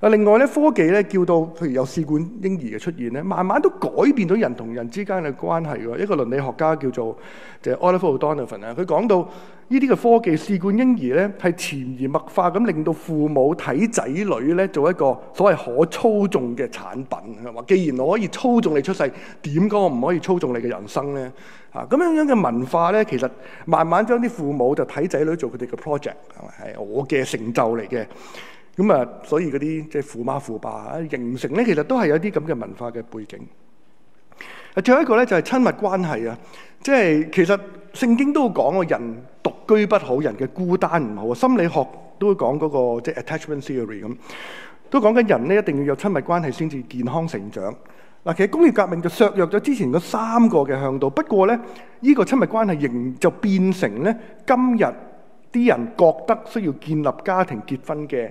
嗱，另外咧，科技咧叫到，譬如有試管嬰兒嘅出現咧，慢慢都改變咗人同人之間嘅關係。一個倫理學家叫做就 Oliver Donovan 啊，佢講到呢啲嘅科技、試管嬰兒咧，係潛移默化咁令到父母睇仔女咧做一個所謂可操縱嘅產品，係嘛？既然我可以操縱你出世，點解我唔可以操縱你嘅人生咧？啊，咁樣樣嘅文化咧，其實慢慢將啲父母就睇仔女做佢哋嘅 project，係嘛？係我嘅成就嚟嘅。咁啊、嗯，所以嗰啲即係父媽父爸啊，形成咧，其實都係有啲咁嘅文化嘅背景。啊，最後一個咧就係、是、親密關係啊，即係其實聖經都會講個人獨居不好，人嘅孤單唔好啊。心理學都會講嗰、那個即係 attachment theory 咁，都講緊人咧一定要有親密關係先至健康成長。嗱，其實工業革命就削弱咗之前嗰三個嘅向度，不過咧，呢、這個親密關係仍就變成咧今日啲人覺得需要建立家庭結婚嘅。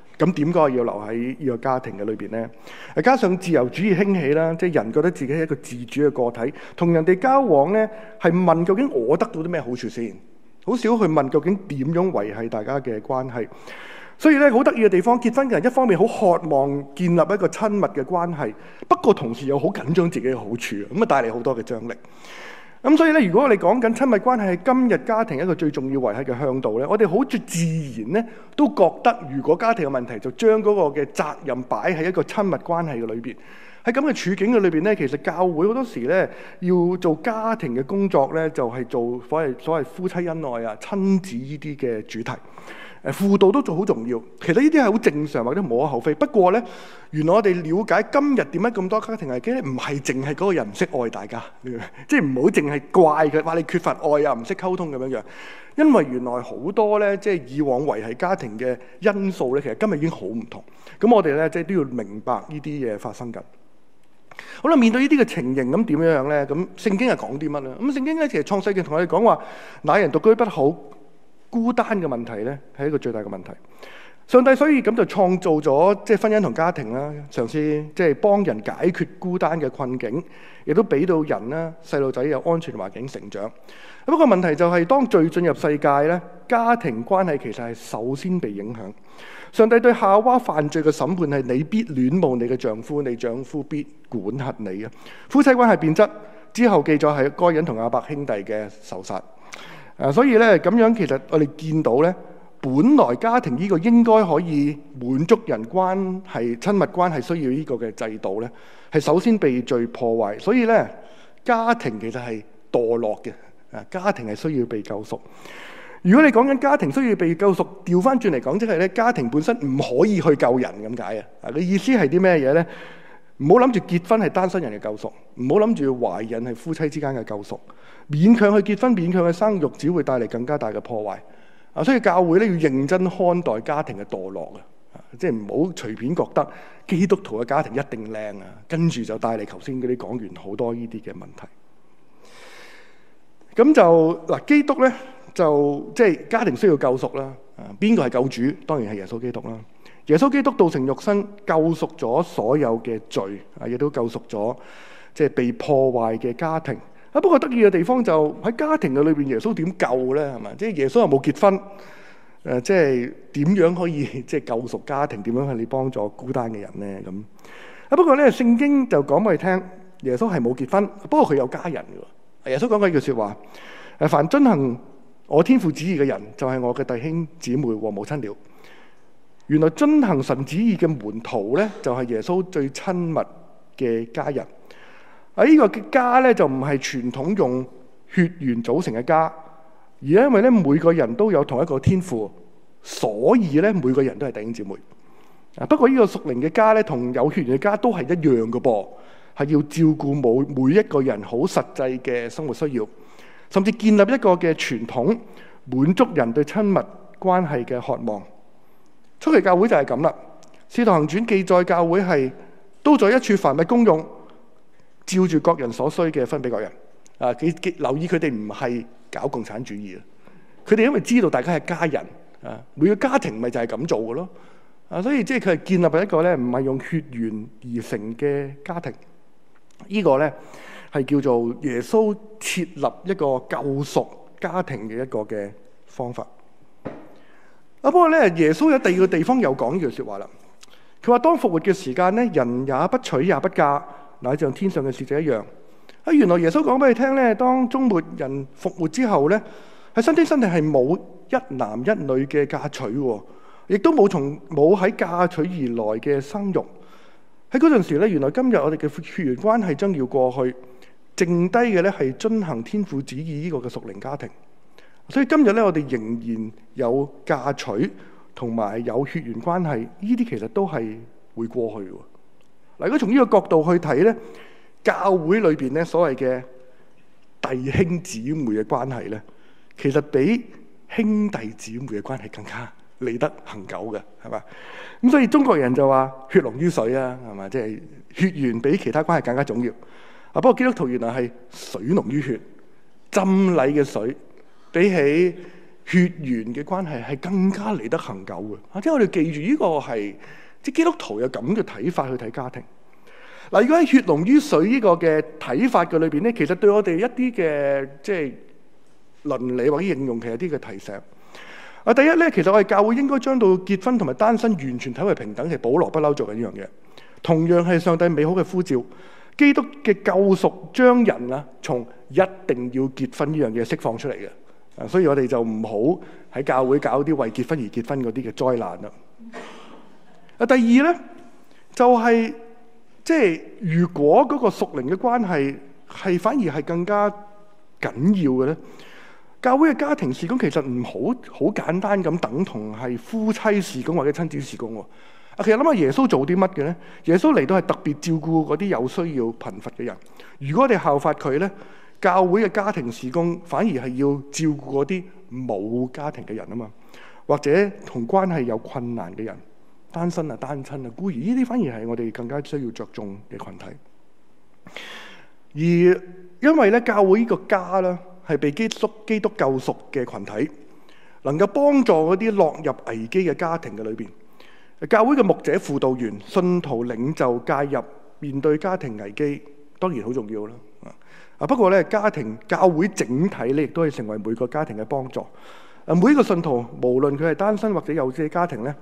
咁點解要留喺呢個家庭嘅裏邊呢？加上自由主義興起啦，即係人覺得自己係一個自主嘅個體，同人哋交往呢，係問究竟我得到啲咩好處先，好少去問究竟點樣維繫大家嘅關係。所以咧，好得意嘅地方，結婚嘅人一方面好渴望建立一個親密嘅關係，不過同時又好緊張自己嘅好處，咁啊帶嚟好多嘅張力。咁所以咧，如果我哋講緊親密關係係今日家庭一個最重要維係嘅向度咧，我哋好似自然咧都覺得，如果家庭嘅問題就將嗰個嘅責任擺喺一個親密關係嘅裏邊。喺咁嘅處境嘅裏邊咧，其實教會好多時咧要做家庭嘅工作咧，就係做所謂所謂夫妻恩愛啊、親子呢啲嘅主題。誒，輔導都做好重要，其實呢啲係好正常或者無可厚非。不過咧，原來我哋了解今日點解咁多家庭危機咧，唔係淨係嗰個人唔識愛大家，明白？即係唔好淨係怪佢，話你缺乏愛啊，唔識溝通咁樣樣。因為原來好多咧，即係以往維係家庭嘅因素咧，其實今日已經好唔同。咁我哋咧，即係都要明白呢啲嘢發生緊。好啦，面對呢啲嘅情形，咁點樣樣咧？咁聖經係講啲乜咧？咁聖經咧其實創世記同我哋講話，那人獨居不好。孤單嘅問題呢，係一個最大嘅問題。上帝所以咁就創造咗即係婚姻同家庭啦、啊，嘗試即係幫人解決孤單嘅困境，亦都俾到人啦，細路仔有安全環境成長。不過問題就係、是、當罪進入世界呢，家庭關係其實係首先被影響。上帝對夏娃犯罪嘅審判係，你必戀慕你嘅丈夫，你丈夫必管轄你啊！夫妻關係變質之後，記載係該隱同亞伯兄弟嘅仇殺。啊，所以咧咁樣，其實我哋見到咧，本來家庭呢個應該可以滿足人關係、親密關係需要呢個嘅制度咧，係首先被罪破壞。所以咧，家庭其實係墮落嘅。啊，家庭係需要被救贖。如果你講緊家庭需要被救贖，調翻轉嚟講，即係咧，家庭本身唔可以去救人咁解啊。啊，你意思係啲咩嘢咧？唔好諗住結婚係單身人嘅救贖，唔好諗住懷孕係夫妻之間嘅救贖。勉強去結婚、勉強去生育，只會帶嚟更加大嘅破壞。啊，所以教會咧要認真看待家庭嘅墮落嘅、啊，即係唔好隨便覺得基督徒嘅家庭一定靚啊，啊，跟住就帶嚟頭先嗰啲講完好多呢啲嘅問題。咁就嗱、啊，基督咧就即係、就是、家庭需要救贖啦。啊，邊個係救主？當然係耶穌基督啦、啊。耶穌基督道成肉身，救贖咗所有嘅罪啊，亦都救贖咗即係被破壞嘅家庭。啊、就是呃嗯！不過得意嘅地方就喺家庭嘅裏邊，耶穌點救咧？係嘛？即係耶穌又冇結婚，誒，即係點樣可以即係救贖家庭？點樣去幫助孤單嘅人咧？咁啊！不過咧，聖經就講俾你聽，耶穌係冇結婚，不過佢有家人嘅。耶穌講過一句説話：誒，凡遵行我天父旨意嘅人，就係、是、我嘅弟兄姊妹和母親了。原來遵行神旨意嘅門徒咧，就係、是、耶穌最親密嘅家人。啊！依個嘅家咧就唔係傳統用血緣組成嘅家，而因為咧每個人都有同一個天父，所以咧每個人都係弟兄姊妹。啊！不過呢個屬靈嘅家咧，同有血緣嘅家都係一樣嘅噃，係要照顧每每一個人好實際嘅生活需要，甚至建立一個嘅傳統，滿足人對親密關係嘅渴望。初期教會就係咁啦，《使徒行傳》記載教會係都在一處凡物公用。照住各人所需嘅分俾各人，啊！佢佢留意佢哋唔係搞共產主義啊！佢哋因為知道大家係家人，啊！每個家庭咪就係咁做嘅咯，啊！所以即係佢係建立一個咧唔係用血緣而成嘅家庭，這個、呢個咧係叫做耶穌設立一個救贖家庭嘅一個嘅方法。啊！不過咧耶穌有第二個地方又講呢句話說話啦，佢話當復活嘅時間咧，人也不娶也不嫁。嗱，像天上嘅使者一樣，喺原來耶穌講俾你聽咧，當終末人復活之後咧，喺新天新地係冇一男一女嘅嫁娶，亦都冇從冇喺嫁娶而來嘅生育。喺嗰陣時咧，原來今日我哋嘅血緣關係將要過去，剩低嘅咧係遵行天父旨意呢個嘅屬靈家庭。所以今日咧，我哋仍然有嫁娶同埋有血緣關係呢啲其實都係會過去嘅。如果從呢個角度去睇咧，教會裏邊咧所謂嘅弟兄姊妹嘅關係咧，其實比兄弟姊妹嘅關係更加嚟得恒久嘅，係嘛？咁所以中國人就話血濃於水啊，係嘛？即係血緣比其他關係更加重要。啊，不過基督徒原來係水濃於血，浸禮嘅水比起血緣嘅關係係更加嚟得恒久嘅。啊，即係我哋記住呢個係。即基督徒有咁嘅睇法去睇家庭。嗱，如果喺血濃於水呢個嘅睇法嘅裏邊咧，其實對我哋一啲嘅即係倫理或者應用，其實一啲嘅提醒啊。第一咧，其實我哋教會應該將到結婚同埋單身完全睇為平等，係保羅不嬲做緊呢樣嘢。同樣係上帝美好嘅呼召，基督嘅救贖將人啊，從一定要結婚呢樣嘢釋放出嚟嘅。所以我哋就唔好喺教會搞啲為結婚而結婚嗰啲嘅災難啦。啊！第二咧，就係、是、即係，如果嗰個屬靈嘅關係係反而係更加緊要嘅咧，教會嘅家庭事工其實唔好好簡單咁等同係夫妻事工或者親子事工喎。啊，其實諗下耶穌做啲乜嘅咧？耶穌嚟到係特別照顧嗰啲有需要貧乏嘅人。如果我哋效法佢咧，教會嘅家庭事工反而係要照顧嗰啲冇家庭嘅人啊嘛，或者同關係有困難嘅人。單身啊，單親啊，孤兒，呢啲反而係我哋更加需要着重嘅群體。而因為咧，教會依個家咧，係被基督基督救贖嘅群體，能夠幫助嗰啲落入危機嘅家庭嘅裏邊。教會嘅牧者、輔導員、信徒領袖介入面對家庭危機，當然好重要啦。啊不過咧，家庭教會整體咧，亦都係成為每個家庭嘅幫助。啊，每一個信徒，無論佢係單身或者有子嘅家庭咧。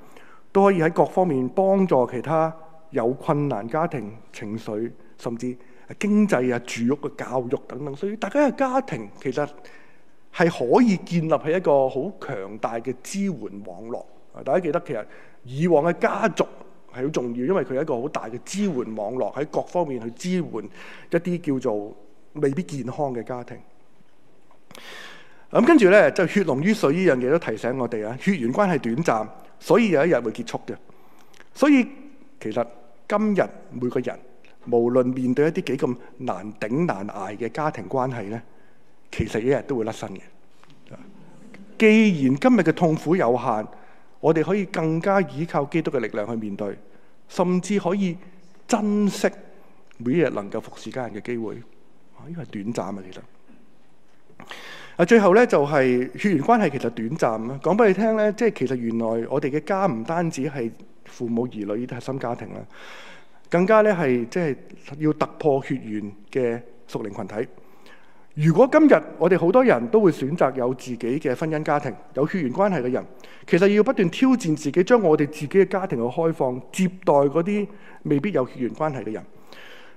都可以喺各方面幫助其他有困難家庭、情緒，甚至經濟啊、住屋嘅教育等等。所以大家嘅家庭其實係可以建立起一個好強大嘅支援網絡。大家記得，其實以往嘅家族係好重要，因為佢係一個好大嘅支援網絡，喺各方面去支援一啲叫做未必健康嘅家庭。咁跟住咧，就血濃於水呢樣嘢都提醒我哋啊，血緣關係短暫。所以有一日會結束嘅，所以其實今日每個人無論面對一啲幾咁難頂難捱嘅家庭關係咧，其實一日都會甩身嘅。既然今日嘅痛苦有限，我哋可以更加依靠基督嘅力量去面對，甚至可以珍惜每一日能夠服侍家人嘅機會。啊，呢個係短暫啊，其實。啊，最後咧就係血緣關係其實短暫啦。講俾你聽咧，即係其實原來我哋嘅家唔單止係父母兒女呢啲核心家庭啦，更加咧係即係要突破血緣嘅熟齡群體。如果今日我哋好多人都會選擇有自己嘅婚姻家庭、有血緣關係嘅人，其實要不斷挑戰自己，將我哋自己嘅家庭去開放接待嗰啲未必有血緣關係嘅人。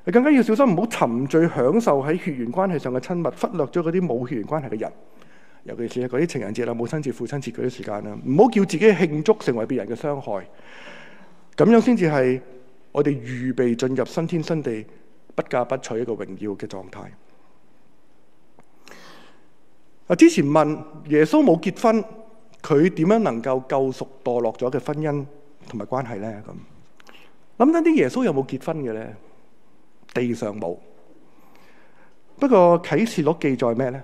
你更加要小心，唔好沉醉享受喺血緣關係上嘅親密，忽略咗嗰啲冇血緣關係嘅人。尤其是嗰啲情人節啦、母親節、父親節嗰啲時間啦，唔好叫自己慶祝成為別人嘅傷害。咁樣先至係我哋預備進入新天新地不嫁不娶一個榮耀嘅狀態。啊！之前問耶穌冇結婚，佢點樣能夠救贖墮落咗嘅婚姻同埋關係咧？咁諗緊啲耶穌有冇結婚嘅咧？地上冇，不過啟示錄記載咩咧？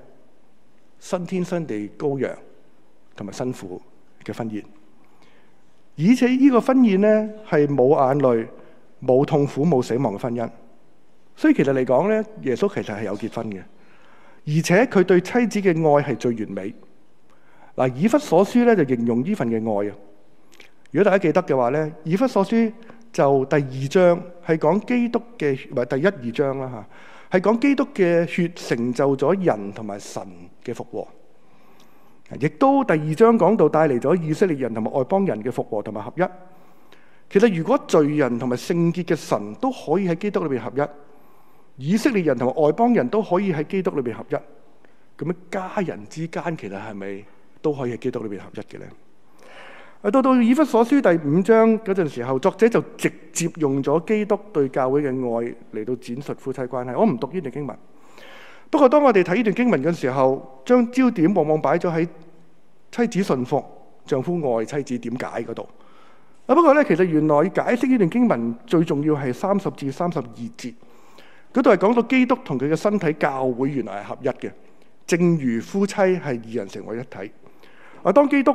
新天新地羔羊、同埋新婦嘅婚宴，而且呢個婚宴咧係冇眼淚、冇痛苦、冇死亡嘅婚姻。所以其實嚟講咧，耶穌其實係有結婚嘅，而且佢對妻子嘅愛係最完美。嗱，以弗所書咧就形容呢份嘅愛啊。如果大家記得嘅話咧，以弗所書。就第二章係講基督嘅，唔係第一二章啦嚇，係、啊、講基督嘅血成就咗人同埋神嘅復和，亦都第二章講到帶嚟咗以色列人同埋外邦人嘅復和同埋合一。其實如果罪人同埋聖潔嘅神都可以喺基督裏邊合一，以色列人同埋外邦人都可以喺基督裏邊合一，咁樣家人之間其實係咪都可以喺基督裏邊合一嘅咧？啊！到到以弗所書第五章嗰陣時候，作者就直接用咗基督對教會嘅愛嚟到展述夫妻關係。我唔讀呢段經文，不過當我哋睇呢段經文嘅時候，將焦點往往擺咗喺妻子順服、丈夫愛妻子點解嗰度。啊！不過咧，其實原來解釋呢段經文最重要係三十至三十二節嗰度，係講到基督同佢嘅身體教會原來係合一嘅，正如夫妻係二人成為一體。啊！當基督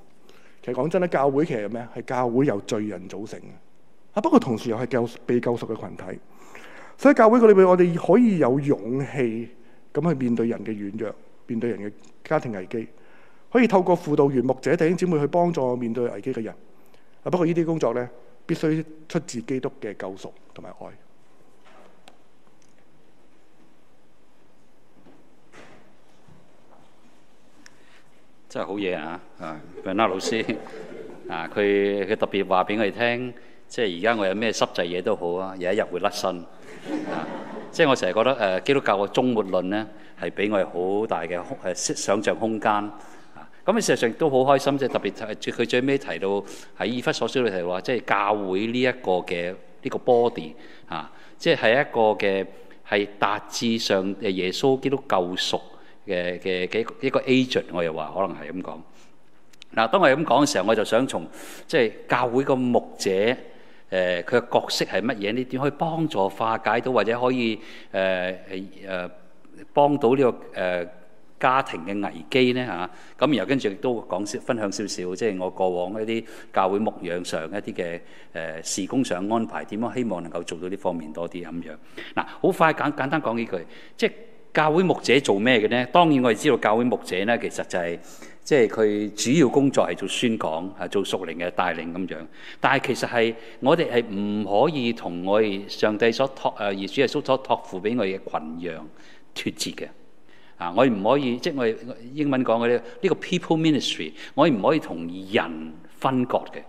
其實講真咧，教會其實係咩啊？係教會由罪人組成嘅，啊不過同時又係救被救贖嘅群體。所以教會個裏面，我哋可以有勇氣咁去面對人嘅軟弱，面對人嘅家庭危機，可以透過輔導員、牧者、弟兄姊妹去幫助面對危機嘅人。啊不過呢啲工作咧，必須出自基督嘅救贖同埋愛。真係好嘢啊！啊，拉老師啊，佢佢特別話俾我哋聽，即係而家我有咩濕滯嘢都好啊，有一日會甩身啊！即係我成日覺得誒基督教嘅終末論咧，係俾我哋好大嘅空誒想想像空間啊！咁事實上亦都好開心，即係特別提佢最尾提到喺以弗所書裏頭話，即係教會呢一個嘅呢個 body 啊，即係係一個嘅係達至上誒耶穌基督救贖。嘅嘅嘅一個 agent，我又話可能係咁講。嗱，當我係咁講嘅時候，我就想從即係教會個牧者誒佢嘅角色係乜嘢？呢點可以幫助化解到，或者可以誒誒、呃呃、幫到呢、呢個誒、呃、家庭嘅危機呢？嚇、啊？咁然後跟住亦都講分享少少，即係我過往一啲教會牧養上一啲嘅誒事工上安排，點樣希望能夠做到呢方面多啲咁樣。嗱、啊，好快簡簡單講幾句，即係。教會牧者做咩嘅呢？當然我哋知道教會牧者呢，其實就係即係佢主要工作係做宣講，係做屬靈嘅帶領咁樣。但係其實係我哋係唔可以同我哋上帝所託，託誒，而主耶穌所託付俾我哋嘅群羊脫節嘅。啊，我哋唔可以即係我哋英文講嗰啲呢個 people ministry，我哋唔可以同人分割嘅。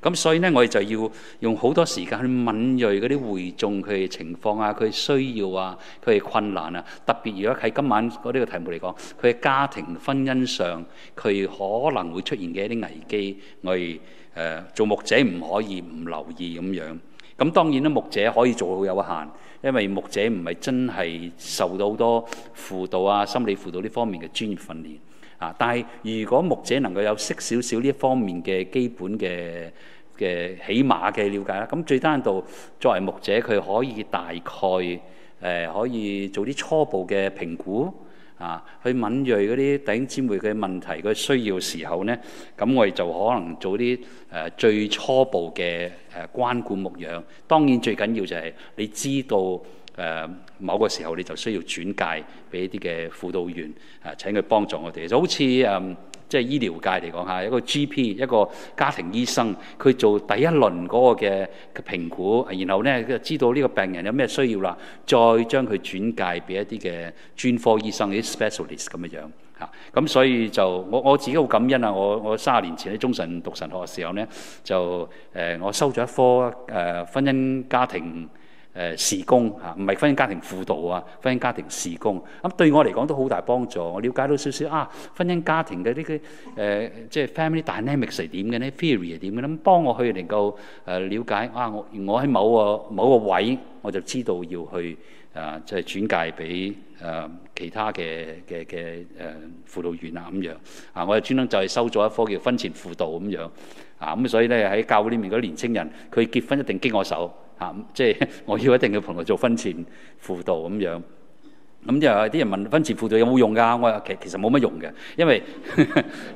咁所以咧，我哋就要用好多時間去敏銳嗰啲會眾佢嘅情況啊，佢需要啊，佢嘅困難啊。特別如果喺今晚嗰呢個題目嚟講，佢嘅家庭婚姻上佢可能會出現嘅一啲危機，我哋誒、呃、做牧者唔可以唔留意咁樣，咁、嗯、當然啦，牧者可以做好有限，因為牧者唔係真係受到好多輔導啊、心理輔導呢方面嘅專業訓練。啊！但係如果牧者能夠有識少少呢一方面嘅基本嘅嘅起碼嘅了解啦，咁、嗯、最低限度作為牧者佢可以大概誒、呃、可以做啲初步嘅評估啊，去敏鋭嗰啲弟兄姊妹嘅問題，佢需要時候咧，咁、嗯、我哋就可能做啲誒、呃、最初步嘅誒、呃、關顧牧養。當然最緊要就係你知道。誒某個時候你就需要轉介俾一啲嘅輔導員，啊請佢幫助我哋就好似誒、嗯、即係醫療界嚟講嚇，一個 GP 一個家庭醫生，佢做第一輪嗰個嘅評估，然後呢，佢就知道呢個病人有咩需要啦，再將佢轉介俾一啲嘅專科醫生，啲 specialist 咁樣樣嚇。咁、啊、所以就我我自己好感恩啊！我我卅年前喺中神讀神學嘅時候呢，就誒、呃、我收咗一科誒、呃、婚姻家庭。誒事、呃、工嚇，唔、啊、係婚姻家庭輔導啊，婚姻家庭事工，咁對我嚟講都好大幫助。我了解到少少啊，婚姻家庭嘅呢啲誒，即係 family dynamics 係點嘅咧，theory 係點嘅，咁、嗯、幫我去能夠誒瞭解啊！我我喺某個某個位，我就知道要去啊，即、就、係、是、轉介俾誒、啊、其他嘅嘅嘅誒輔導員啊咁樣啊，我就專登就係收咗一科叫婚前輔導咁樣啊，咁所以咧喺教會裏面嗰啲年青人，佢結婚一定經我手。啊！即係我要一定要同佢做婚前輔導咁樣。咁之後有啲人問婚前輔導有冇用㗎？我話其實其實冇乜用嘅，因為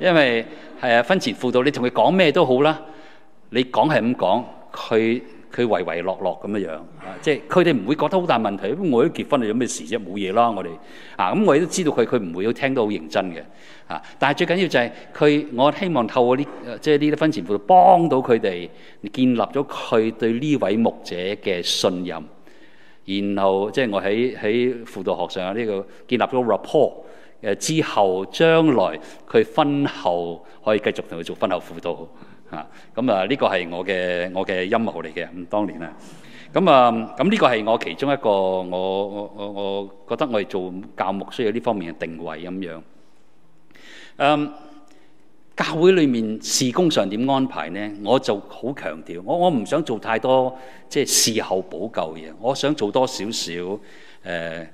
因為係啊，婚前輔導，你同佢講咩都好啦，你講係咁講佢。佢唯唯諾諾咁樣樣，即係佢哋唔會覺得好大問題。因為我一結婚有咩事啫？冇嘢啦，我哋啊咁、嗯，我亦都知道佢，佢唔會去聽得好認真嘅啊。但係最緊要就係佢，我希望透過呢，即係呢啲婚前輔導，幫到佢哋建立咗佢對呢位牧者嘅信任。然後即係我喺喺輔導學上有呢、這個建立咗 report，誒之後將來佢婚後可以繼續同佢做婚後輔導。啊，咁啊呢個係我嘅我嘅陰謀嚟嘅，咁當年啊，咁啊咁呢個係我其中一個，我我我我覺得我哋做教牧需要呢方面嘅定位咁樣。嗯，教會裏面事工上點安排呢？我就好強調，我我唔想做太多即係、就是、事後補救嘅嘢，我想做多少少誒，即、呃、係、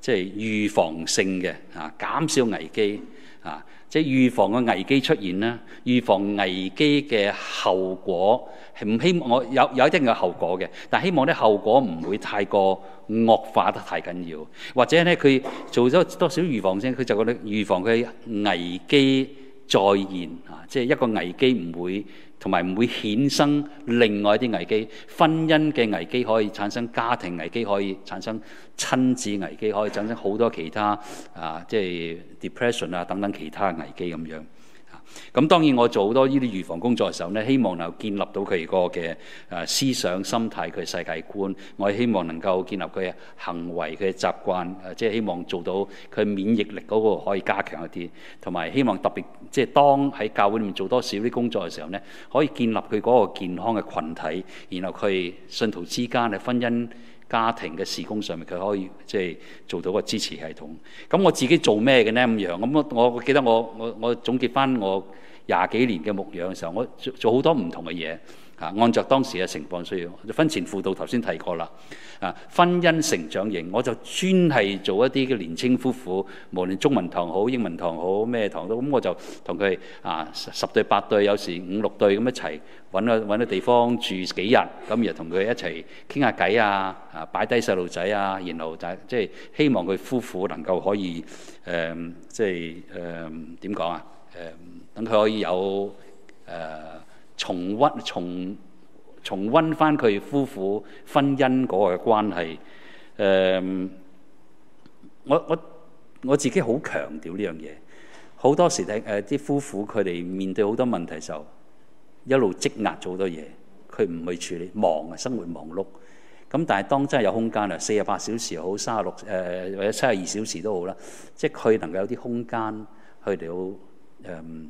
就是、預防性嘅啊，減少危機啊。即係預防個危機出現啦，預防危機嘅後果係唔希望我有有一定嘅後果嘅，但希望咧後果唔會太過惡化得太緊要，或者咧佢做咗多少預防先，佢就覺得預防佢危機再現啊，即係一個危機唔會。同埋唔會衍生另外一啲危機，婚姻嘅危機可以產生家庭危機，可以產生親子危機，可以產生好多其他啊，即係 depression 啊等等其他危機咁樣。咁當然我做好多呢啲預防工作嘅時候呢，希望能夠建立到佢個嘅誒思想、心態、佢嘅世界觀。我哋希望能夠建立佢嘅行為、佢嘅習慣，即係希望做到佢免疫力嗰個可以加強一啲，同埋希望特別即係當喺教會裡面做多少啲工作嘅時候呢，可以建立佢嗰個健康嘅群體，然後佢信徒之間嘅婚姻。家庭嘅事工上面，佢可以即係、就是、做到個支持系統。咁我自己做咩嘅呢？牧養，咁我我記得我我我總結翻我廿幾年嘅牧養嘅時候，我做好多唔同嘅嘢。啊，按照當時嘅情況需要，就婚前輔導頭先提過啦。啊，婚姻成長營，我就專係做一啲嘅年青夫婦，無論中文堂好、英文堂好、咩堂都，咁、嗯、我就同佢啊十對八對，有時五六對咁一齊揾個揾個地方住幾日，咁又同佢一齊傾下偈啊，啊擺低細路仔啊，然後就即係、就是、希望佢夫婦能夠可以誒，即係誒點講啊？等、就、佢、是呃呃、可以有誒。呃重温、重重温翻佢夫婦婚姻嗰個關係。呃、我我我自己好強調呢樣嘢。好多時咧，誒、呃、啲夫婦佢哋面對好多問題時候，一路積壓咗好多嘢，佢唔去處理，忙啊，生活忙碌。咁但係當真係有空間啦，四十八小時好，三十六誒或者七十二小時都好啦，即係佢能夠有啲空間去到誒。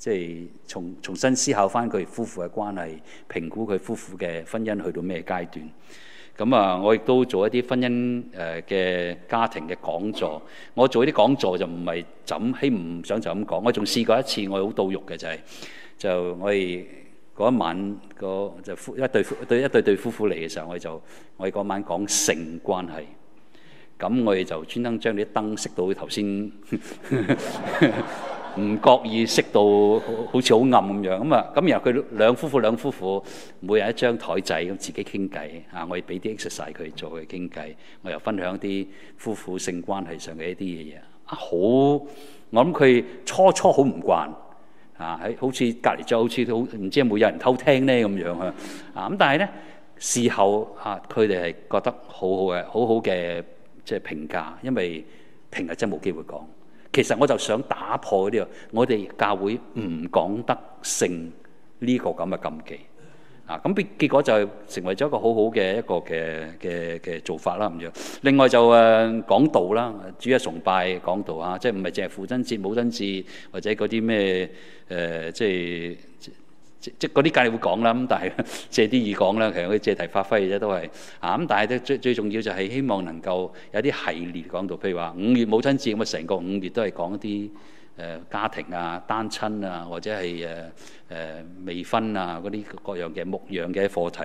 即係重重新思考翻佢哋夫婦嘅關係，評估佢夫婦嘅婚姻去到咩階段。咁啊，我亦都做一啲婚姻誒嘅家庭嘅講座。我做一啲講座就唔係怎咁希唔想就咁講。我仲試過一次我到，我好到肉嘅就係、是、就我哋嗰一晚個就夫一,一,一對夫一對對夫婦嚟嘅時候，我哋就我哋嗰晚講性關係。咁我哋就專登將啲燈熄到頭先。唔覺意識到好似好暗咁樣，咁啊咁然後佢兩夫婦兩夫婦每人一張台仔咁自己傾偈嚇，我哋俾啲 exercise 佢做嘅傾偈，我又分享啲夫婦性關係上嘅一啲嘢嘢。好，好，我諗佢初初好唔慣啊，喺好似隔離咗，好似都唔知有冇有，有人偷聽咧咁樣啊。咁，但係咧事後嚇佢哋係覺得好好嘅好好嘅即係評價，因為平日真係冇機會講。其實我就想打破嗰、這、啲、個、我哋教會唔講得勝呢個咁嘅禁忌啊，咁結果就成為咗一個好好嘅一個嘅嘅嘅做法啦咁樣。另外就誒、是呃、講道啦，主日崇拜講道啊，即係唔係淨係父親節母親節或者嗰啲咩誒即係。即即嗰啲梗係會講啦，咁但係借啲語講啦，其實佢借題發揮嘅啫，都係啊咁。但係咧最最重要就係希望能夠有啲系列講到，譬如話五月母親節咁啊，成個五月都係講一啲誒家庭啊、單親啊，或者係誒誒未婚啊嗰啲各樣嘅牧養嘅課題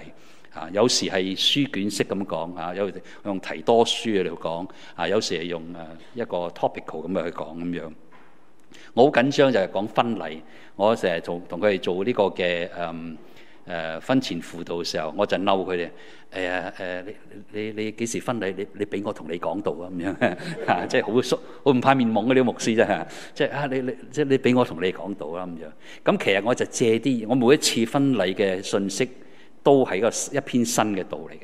啊。有時係書卷式咁講啊，有用提多書嚟講啊，有時係用誒、啊、一個 topical 咁去講咁樣。啊。我好緊張就係講婚禮，我成日同同佢哋做呢個嘅誒誒婚前輔導時候，我就嬲佢哋誒誒你你你幾時婚禮？你你俾我同你講道啊咁樣，嚇即係好熟，好唔怕面懵嘅呢個牧師真係，即係啊你你即係你俾我同你講道啊咁樣。咁其實我就借啲，我每一次婚禮嘅信息都係一個一篇新嘅道嚟嘅。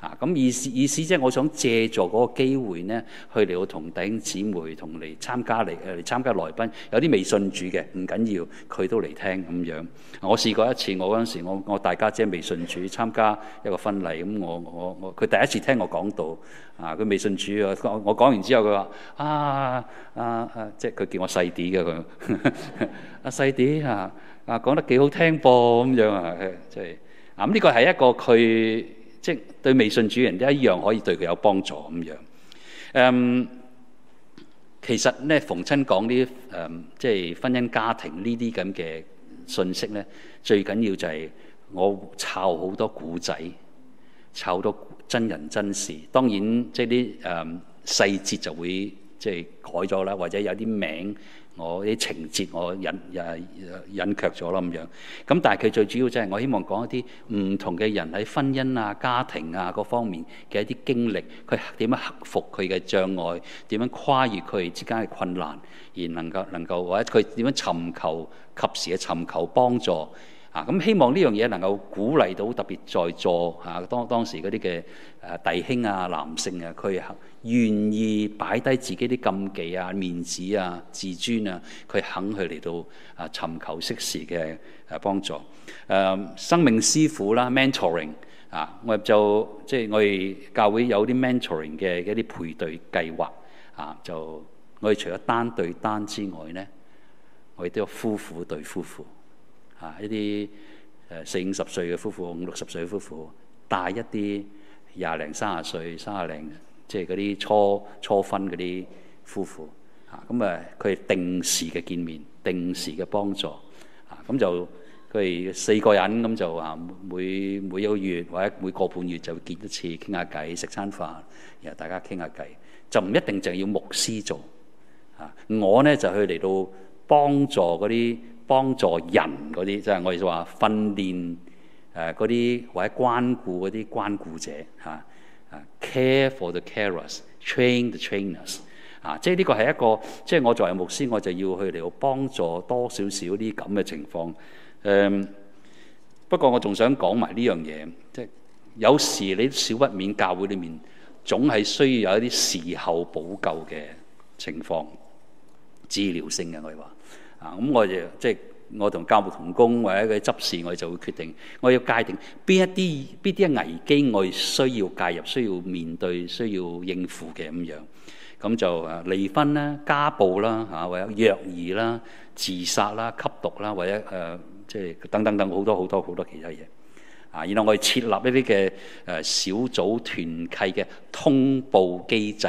啊，咁意思意思即係我想借助嗰個機會呢，去嚟我同頂姊妹同嚟參加嚟嚟、啊、參加來賓，有啲未信主嘅唔緊要，佢都嚟聽咁樣。我試過一次，我嗰陣時我我大家姐未信主參加一個婚禮，咁我我我佢第一次聽我講道啊佢未信主啊，我講完之後佢話啊啊啊即係佢叫我細啲嘅佢，阿細啲啊啊，啊講得幾好聽噃咁樣啊，即係啊呢個係一個佢。即對微信主人都一樣可以對佢有幫助咁樣。誒、嗯，其實咧，逢親講啲誒，即係婚姻家庭這這呢啲咁嘅信息咧，最緊要就係我抄好多古仔，抄好多真人真事。當然，即啲誒細節就會即係改咗啦，或者有啲名。我啲情節我隱又隱卻咗啦咁樣，咁但係佢最主要就係我希望講一啲唔同嘅人喺婚姻啊、家庭啊各方面嘅一啲經歷，佢點樣克服佢嘅障礙，點樣跨越佢之間嘅困難，而能夠能夠或者佢點樣尋求及時嘅尋求幫助。啊！咁希望呢樣嘢能夠鼓勵到特別在座嚇、啊、當當時嗰啲嘅誒弟兄啊、男性啊，佢肯願意擺低自己啲禁忌啊、面子啊、自尊啊，佢肯去嚟到啊尋求適時嘅誒幫助。誒、啊、生命師傅啦 mentoring 啊，我就即係、就是、我哋教會有啲 mentoring 嘅一啲配對計劃啊，就我哋除咗單對單之外咧，我哋都有夫婦對夫婦。啊！一啲誒四五十歲嘅夫婦，五六十歲嘅夫婦，帶一啲廿零、三十歲、三十零，即係嗰啲初初婚嗰啲夫婦。啊，咁誒佢哋定時嘅見面，定時嘅幫助。啊，咁就佢哋四個人咁就話、啊、每每一個月或者每個半月就見一次，傾下偈，食餐飯，然後大家傾下偈。就唔一定就係要牧師做。啊，我咧就去嚟到幫助嗰啲。幫助人嗰啲，即係我哋話訓練誒嗰啲或者關顧嗰啲關顧者嚇啊，care for the carers，train the trainers，啊，即係呢個係一個，即係我作為牧師，我就要去嚟到幫助多少少啲咁嘅情況。誒、嗯，不過我仲想講埋呢樣嘢，即係有時你少不免教會裏面總係需要有一啲事後補救嘅情況，治療性嘅我哋話。啊，咁、嗯、我就即係我同教牧同工或者佢執事，我哋就會決定，我要界定邊一啲邊啲係危機，我哋需要介入、需要面對、需要應付嘅咁樣。咁就離婚啦、家暴啦、嚇或者虐兒啦、自殺啦、吸毒啦，或者誒即係等等等好多好多好多其他嘢。啊，然後我哋設立一啲嘅誒小組團契嘅通報機制。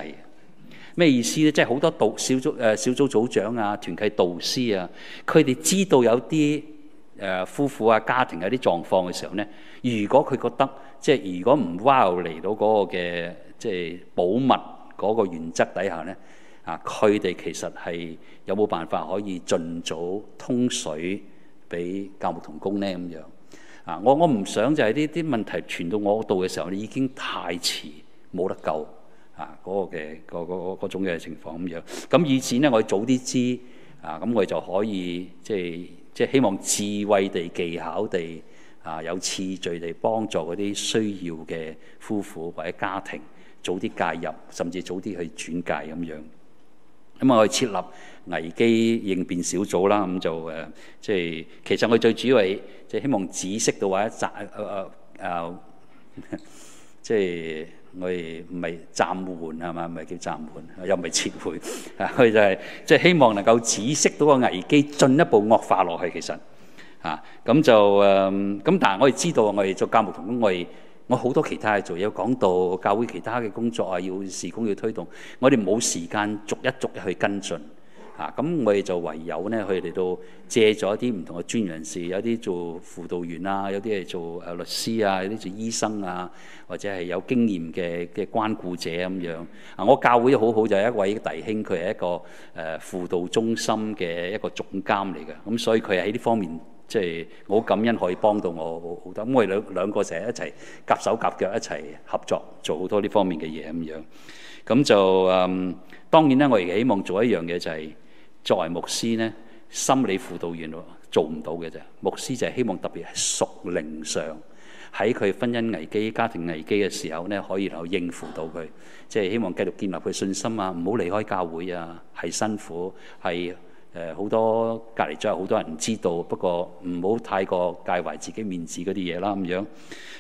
咩意思咧？即係好多導小組誒小組組長啊、團契導師啊，佢哋知道有啲誒夫婦啊、家庭有啲狀況嘅時候咧，如果佢覺得即係如果唔挖嚟到嗰個嘅即係保密嗰個原則底下咧，啊，佢哋其實係有冇辦法可以盡早通水俾教牧同工咧咁樣啊？我我唔想就係呢啲問題傳到我度嘅時候，已經太遲冇得救。啊，嗰、嗰個嘅嗰種嘅情況咁樣，咁以前咧我哋早啲知，啊咁我哋就可以即係即係希望智慧地技巧地，啊有次序地幫助嗰啲需要嘅夫婦或者家庭早啲介入，甚至早啲去轉介咁樣。咁我哋設立危機應變小組啦，咁就誒、啊、即係其實我最主要係即係希望知識嘅話集誒誒誒即係。我哋唔係暫緩係嘛？唔係叫暫緩，又唔係撤回，佢 就係即係希望能夠止息到個危機進一步惡化落去。其實啊，咁就誒，咁、嗯、但係我哋知道，我哋做教牧同工，我哋我好多其他嘢做，有講到教會其他嘅工作啊，要事工要推動，我哋冇時間逐一逐一去跟進。啊，咁我哋就唯有咧去嚟到借咗一啲唔同嘅專業人士，有啲做輔導員啊，有啲係做誒律師啊，有啲做醫生啊，或者係有經驗嘅嘅關顧者咁樣。啊，我教會都好好，就係、是、一位弟兄，佢係一個誒、呃、輔導中心嘅一個總監嚟嘅，咁、啊、所以佢喺呢方面即係、就是、我好感恩可以幫到我好好多，咁我哋兩兩個成日一齊夾手夾腳一齊合作做好多呢方面嘅嘢咁樣。咁就誒，當然咧我亦希望做一樣嘢就係、是。作為牧師呢，心理輔導員做唔到嘅啫。牧師就係希望特別係熟靈上喺佢婚姻危機、家庭危機嘅時候呢，可以能夠應付到佢，即係希望繼續建立佢信心啊，唔好離開教會啊。係辛苦，係誒好多隔離咗，有好多人唔知道，不過唔好太過介懷自己面子嗰啲嘢啦，咁樣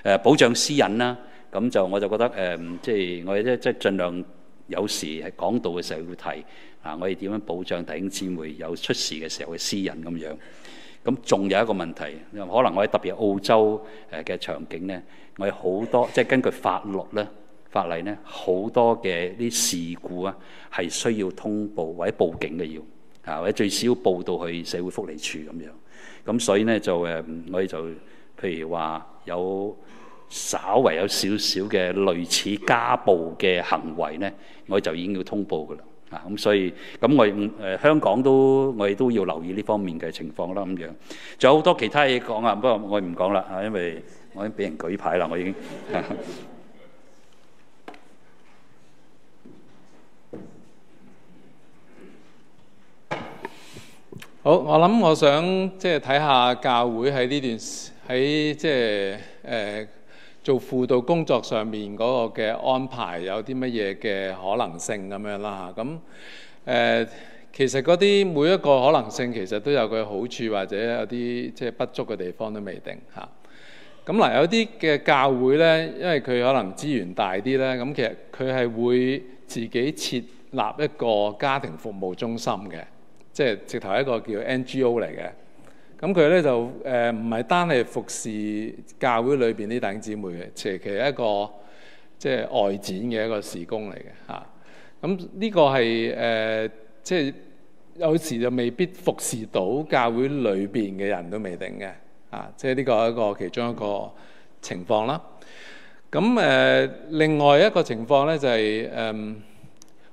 誒保障私隱啦。咁就我就覺得誒，即、呃、係、就是、我即即係盡量有時係講道嘅時候會提。啊！我哋點樣保障，先至會有出事嘅時候嘅私隱咁樣？咁仲有一個問題，可能我喺特別澳洲誒嘅場景呢。我哋好多即係根據法律呢、法例呢，好多嘅啲事故啊，係需要通報或者報警嘅要啊，或者最少報到去社會福利處咁樣。咁所以呢就誒，我哋就譬如話有稍微有少少嘅類似家暴嘅行為呢，我就已經要通報噶啦。啊，咁所以咁我亦誒香港都我亦都要留意呢方面嘅情況啦。咁樣仲有好多其他嘢講啊，不過我唔講啦吓，因為我已經俾人舉牌啦，我已經。好，我諗我想即係睇下教會喺呢段時喺即係誒。做輔導工作上面嗰個嘅安排有啲乜嘢嘅可能性咁樣啦？咁誒，呃，其實嗰啲每一個可能性其實都有佢好處，或者有啲即係不足嘅地方都未定嚇。咁嗱，呃，有啲嘅教會咧，因為佢可能資源大啲咧，咁其實佢係會自己設立一個家庭服務中心嘅，即係直頭一個叫 NGO 嚟嘅。咁佢咧就，誒唔係單係服侍教會裏邊啲弟兄姊妹嘅，其其實一個即係外展嘅一個事工嚟嘅嚇。咁、啊、呢個係誒、呃、即係有時就未必服侍到教會裏邊嘅人都未定嘅啊！即係呢個一個其中一個情況啦。咁、啊、誒另外一個情況咧就係、是、誒、嗯，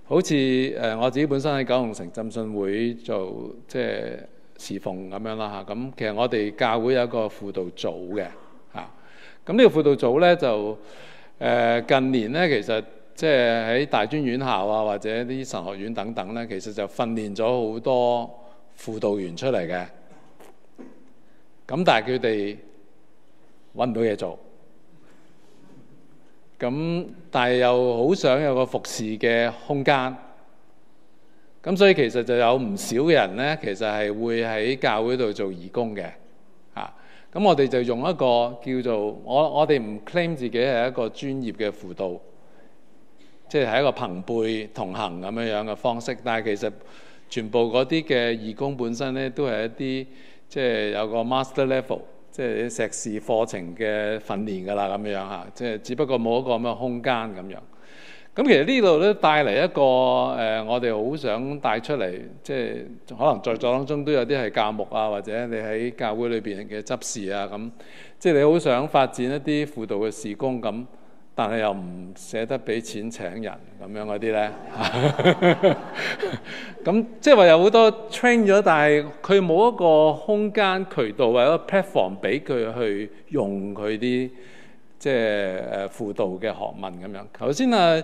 好似誒我自己本身喺九龍城浸信會做即係。侍奉咁樣啦嚇，咁其實我哋教會有一個輔導組嘅嚇，咁呢個輔導組咧就誒、呃、近年咧其實即係喺大專院校啊或者啲神學院等等咧，其實就訓練咗好多輔導員出嚟嘅，咁但係佢哋揾唔到嘢做，咁但係又好想有個服侍嘅空間。咁所以其實就有唔少嘅人咧，其實係會喺教會度做義工嘅，嚇、啊。咁我哋就用一個叫做我我哋唔 claim 自己係一個專業嘅輔導，即係係一個朋輩同行咁樣樣嘅方式。但係其實全部嗰啲嘅義工本身咧，都係一啲即係有個 master level，即係係碩士課程嘅訓練噶啦咁樣吓，即係只不過冇一個咁嘅空間咁樣。咁其實呢度咧帶嚟一個誒、呃，我哋好想帶出嚟，即係可能在座當中都有啲係教牧啊，或者你喺教會裏邊嘅執事啊，咁即係你好想發展一啲輔導嘅事工咁，但係又唔捨得俾錢請人咁樣嗰啲咧。咁 即係話有好多 train 咗，但係佢冇一個空間渠道或者 platform 俾佢去用佢啲。即係誒輔導嘅學問咁樣。頭先啊，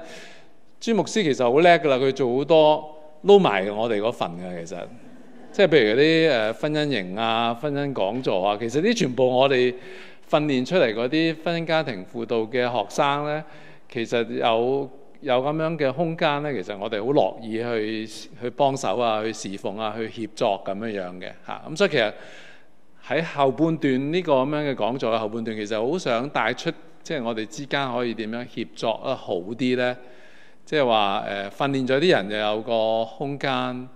朱牧師其實好叻㗎啦，佢做好多撈埋我哋嗰份㗎。其實，即係譬如啲誒婚姻營啊、婚姻講座啊，其實啲全部我哋訓練出嚟嗰啲婚姻家庭輔導嘅學生咧，其實有有咁樣嘅空間咧。其實我哋好樂意去去幫手啊，去侍奉啊，去協作咁樣樣嘅嚇。咁、嗯、所以其實～喺後半段呢個咁樣嘅講座，後半段其實好想帶出，即係我哋之間可以點樣協作得好啲呢？即係話誒訓練咗啲人又有個空間，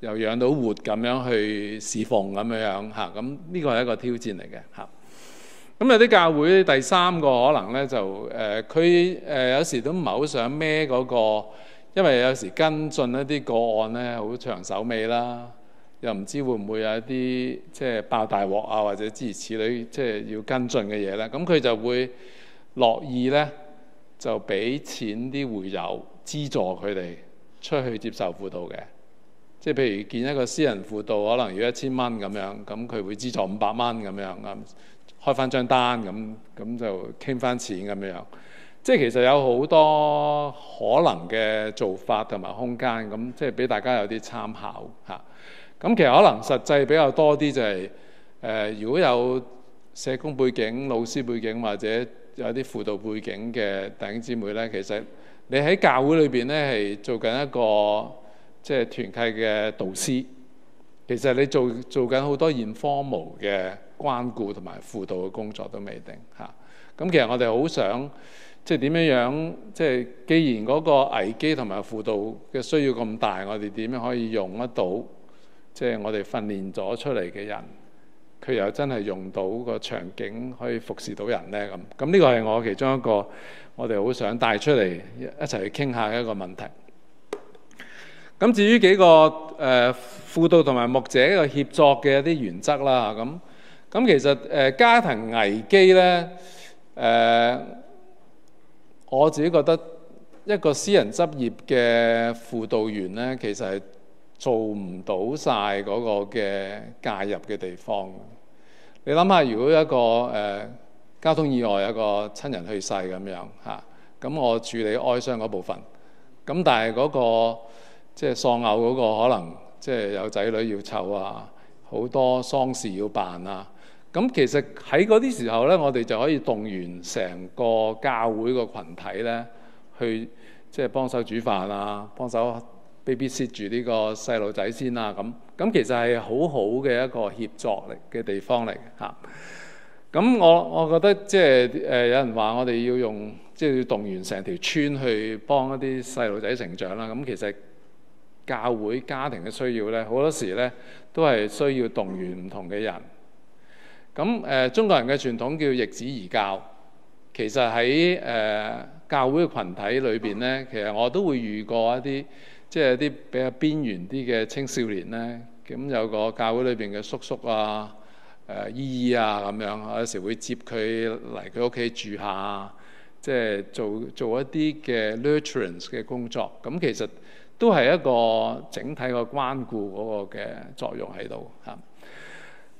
又養到活咁樣去侍奉咁樣樣嚇，咁呢個係一個挑戰嚟嘅嚇。咁有啲教會第三個可能呢，就誒，佢誒有時都唔係好想孭嗰個，因為有時跟進一啲個案呢，好長手尾啦。又唔知會唔會有一啲即係爆大鑊啊，或者諸如此類，即係要跟進嘅嘢咧。咁佢就會樂意咧，就俾錢啲會友資助佢哋出去接受輔導嘅。即係譬如見一個私人輔導，可能要一千蚊咁樣，咁佢會資助五百蚊咁樣，咁開翻張單，咁咁就傾翻錢咁樣。即係其實有好多可能嘅做法同埋空間咁，即係俾大家有啲參考吓。咁其實可能實際比較多啲就係、是、誒、呃，如果有社工背景、老師背景或者有啲輔導背景嘅弟兄姊妹咧，其實你喺教會裏邊咧係做緊一個即係團契嘅導師。其實你做做緊好多 informal 嘅關顧同埋輔導嘅工作都未定吓。咁、啊嗯、其實我哋好想即係點樣樣，即係既然嗰個危機同埋輔導嘅需要咁大，我哋點樣可以用得到？即係我哋訓練咗出嚟嘅人，佢又真係用到個場景可以服侍到人咧咁。咁呢個係我其中一個，我哋好想帶出嚟一一齊去傾下嘅一個問題。咁至於幾個誒、呃、輔導同埋牧者嘅協作嘅一啲原則啦，咁咁其實誒、呃、家庭危機咧，誒、呃、我自己覺得一個私人執業嘅輔導員咧，其實係，做唔到晒嗰個嘅介入嘅地方。你諗下，如果一個誒、呃、交通意外，一個親人去世咁樣吓，咁、啊、我處理哀傷嗰部分。咁但係嗰、嗰個即係喪偶嗰、嗰個，可能即係有仔女要湊啊，好多喪事要辦啊。咁其實，喺嗰啲時候咧，我哋就可以動員成個教會個群體咧，去即係幫手煮飯啊，幫手。baby sit 住呢個細路仔先啦，咁咁其實係好好嘅一個協作嚟嘅地方嚟嚇。咁、啊、我我覺得即係誒有人話我哋要用即係要動員成條村去幫一啲細路仔成長啦。咁、啊、其實教會家庭嘅需要咧，好多時咧都係需要動員唔同嘅人。咁誒、呃，中國人嘅傳統叫易子而教，其實喺誒、呃、教會嘅群體裏邊咧，其實我都會遇過一啲。即係啲比較邊緣啲嘅青少年咧，咁有個教會裏邊嘅叔叔啊、誒姨姨啊咁樣，有時會接佢嚟佢屋企住下，即係做做一啲嘅 nurturance 嘅工作。咁其實都係一個整體個關顧嗰個嘅作用喺度嚇。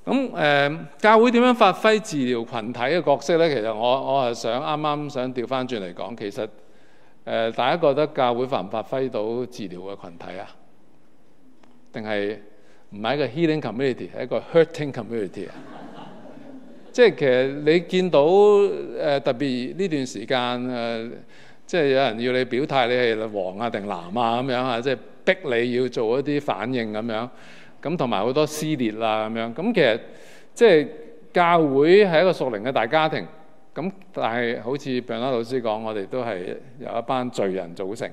咁誒、呃，教會點樣發揮治療群體嘅角色咧？其實我我係想啱啱想調返轉嚟講，其實。誒，大家覺得教會發唔發揮到治療嘅群體啊？定係唔係一個 healing community，係一個 hurting community 啊？ 即係其實你見到誒、呃，特別呢段時間誒、呃，即係有人要你表態，你係黃啊定藍啊咁樣啊，即係逼你要做一啲反應咁樣。咁同埋好多撕裂啦咁樣。咁其實即係教會係一個熟齡嘅大家庭。咁但係好似病啦，老師講，我哋都係由一班罪人組成，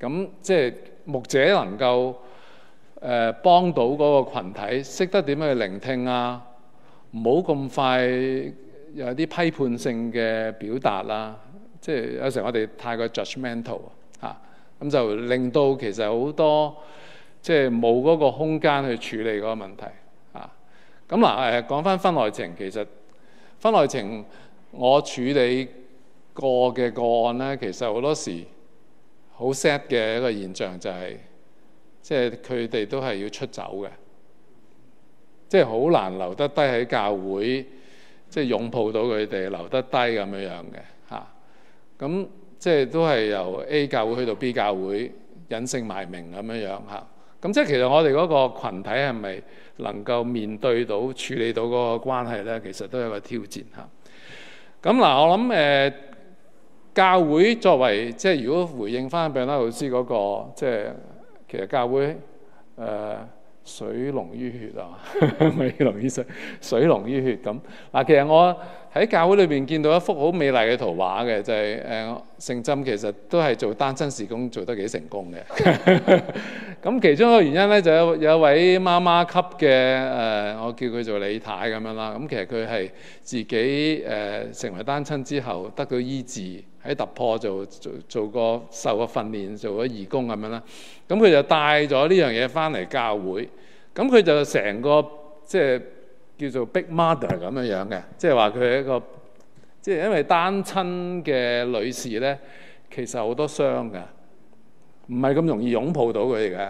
咁即係牧者能夠誒、呃、幫到嗰個羣體，識得點樣去聆聽啊，唔好咁快有啲批判性嘅表達啦、啊，即係有時候我哋太過 judgmental 嚇、啊，咁就令到其實好多即係冇嗰個空間去處理嗰個問題啊。咁嗱誒講翻婚外情，其實婚外情。我處理過嘅個案呢，其實好多時好 sad 嘅一個現象就係，即係佢哋都係要出走嘅，即係好難留得低喺教會，即係擁抱到佢哋留得低咁樣樣嘅嚇。咁即係都係由 A 教會去到 B 教會隱姓埋名咁樣樣嚇。咁即係其實我哋嗰個羣體係咪能夠面對到處理到個關係呢？其實都有個挑戰嚇。啊。咁嗱，我諗誒、呃，教會作為即，如果回應翻彼得老師嗰個，即其實教會、呃水濃於血啊，水濃於血，水濃於血咁嗱。其實我喺教會裏邊見到一幅好美麗嘅圖畫嘅，就係誒聖針其實都係做單親事工做得幾成功嘅。咁 其中一個原因咧，就有有一位媽媽級嘅誒、呃，我叫佢做李太咁樣啦。咁其實佢係自己誒、呃、成為單親之後得到醫治。喺突破做做做個受個訓練，做個義工咁樣啦。咁佢就帶咗呢樣嘢翻嚟教會。咁佢就成個即係、就是、叫做 big mother 咁樣樣嘅，即係話佢係一個即係、就是、因為單親嘅女士咧，其實好多傷噶，唔係咁容易擁抱到佢嘅。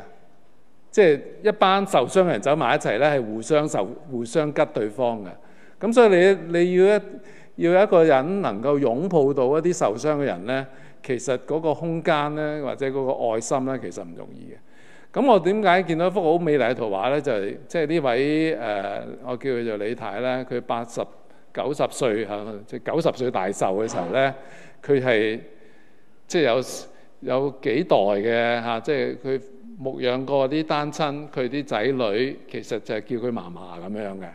即、就、係、是、一班受傷嘅人走埋一齊咧，係互相受互相拮對方嘅。咁所以你你要一要一個人能夠擁抱到一啲受傷嘅人咧，其實嗰個空間咧，或者嗰個愛心咧，其實唔容易嘅。咁我點解見到一幅好美麗嘅圖畫咧？就係即係呢位誒、呃，我叫佢做李太啦。佢八十九十歲嚇，即係九十歲大壽嘅時候咧，佢係即係有有幾代嘅嚇，即係佢牧養過啲單親，佢啲仔女其實就係叫佢嫲嫲咁樣嘅，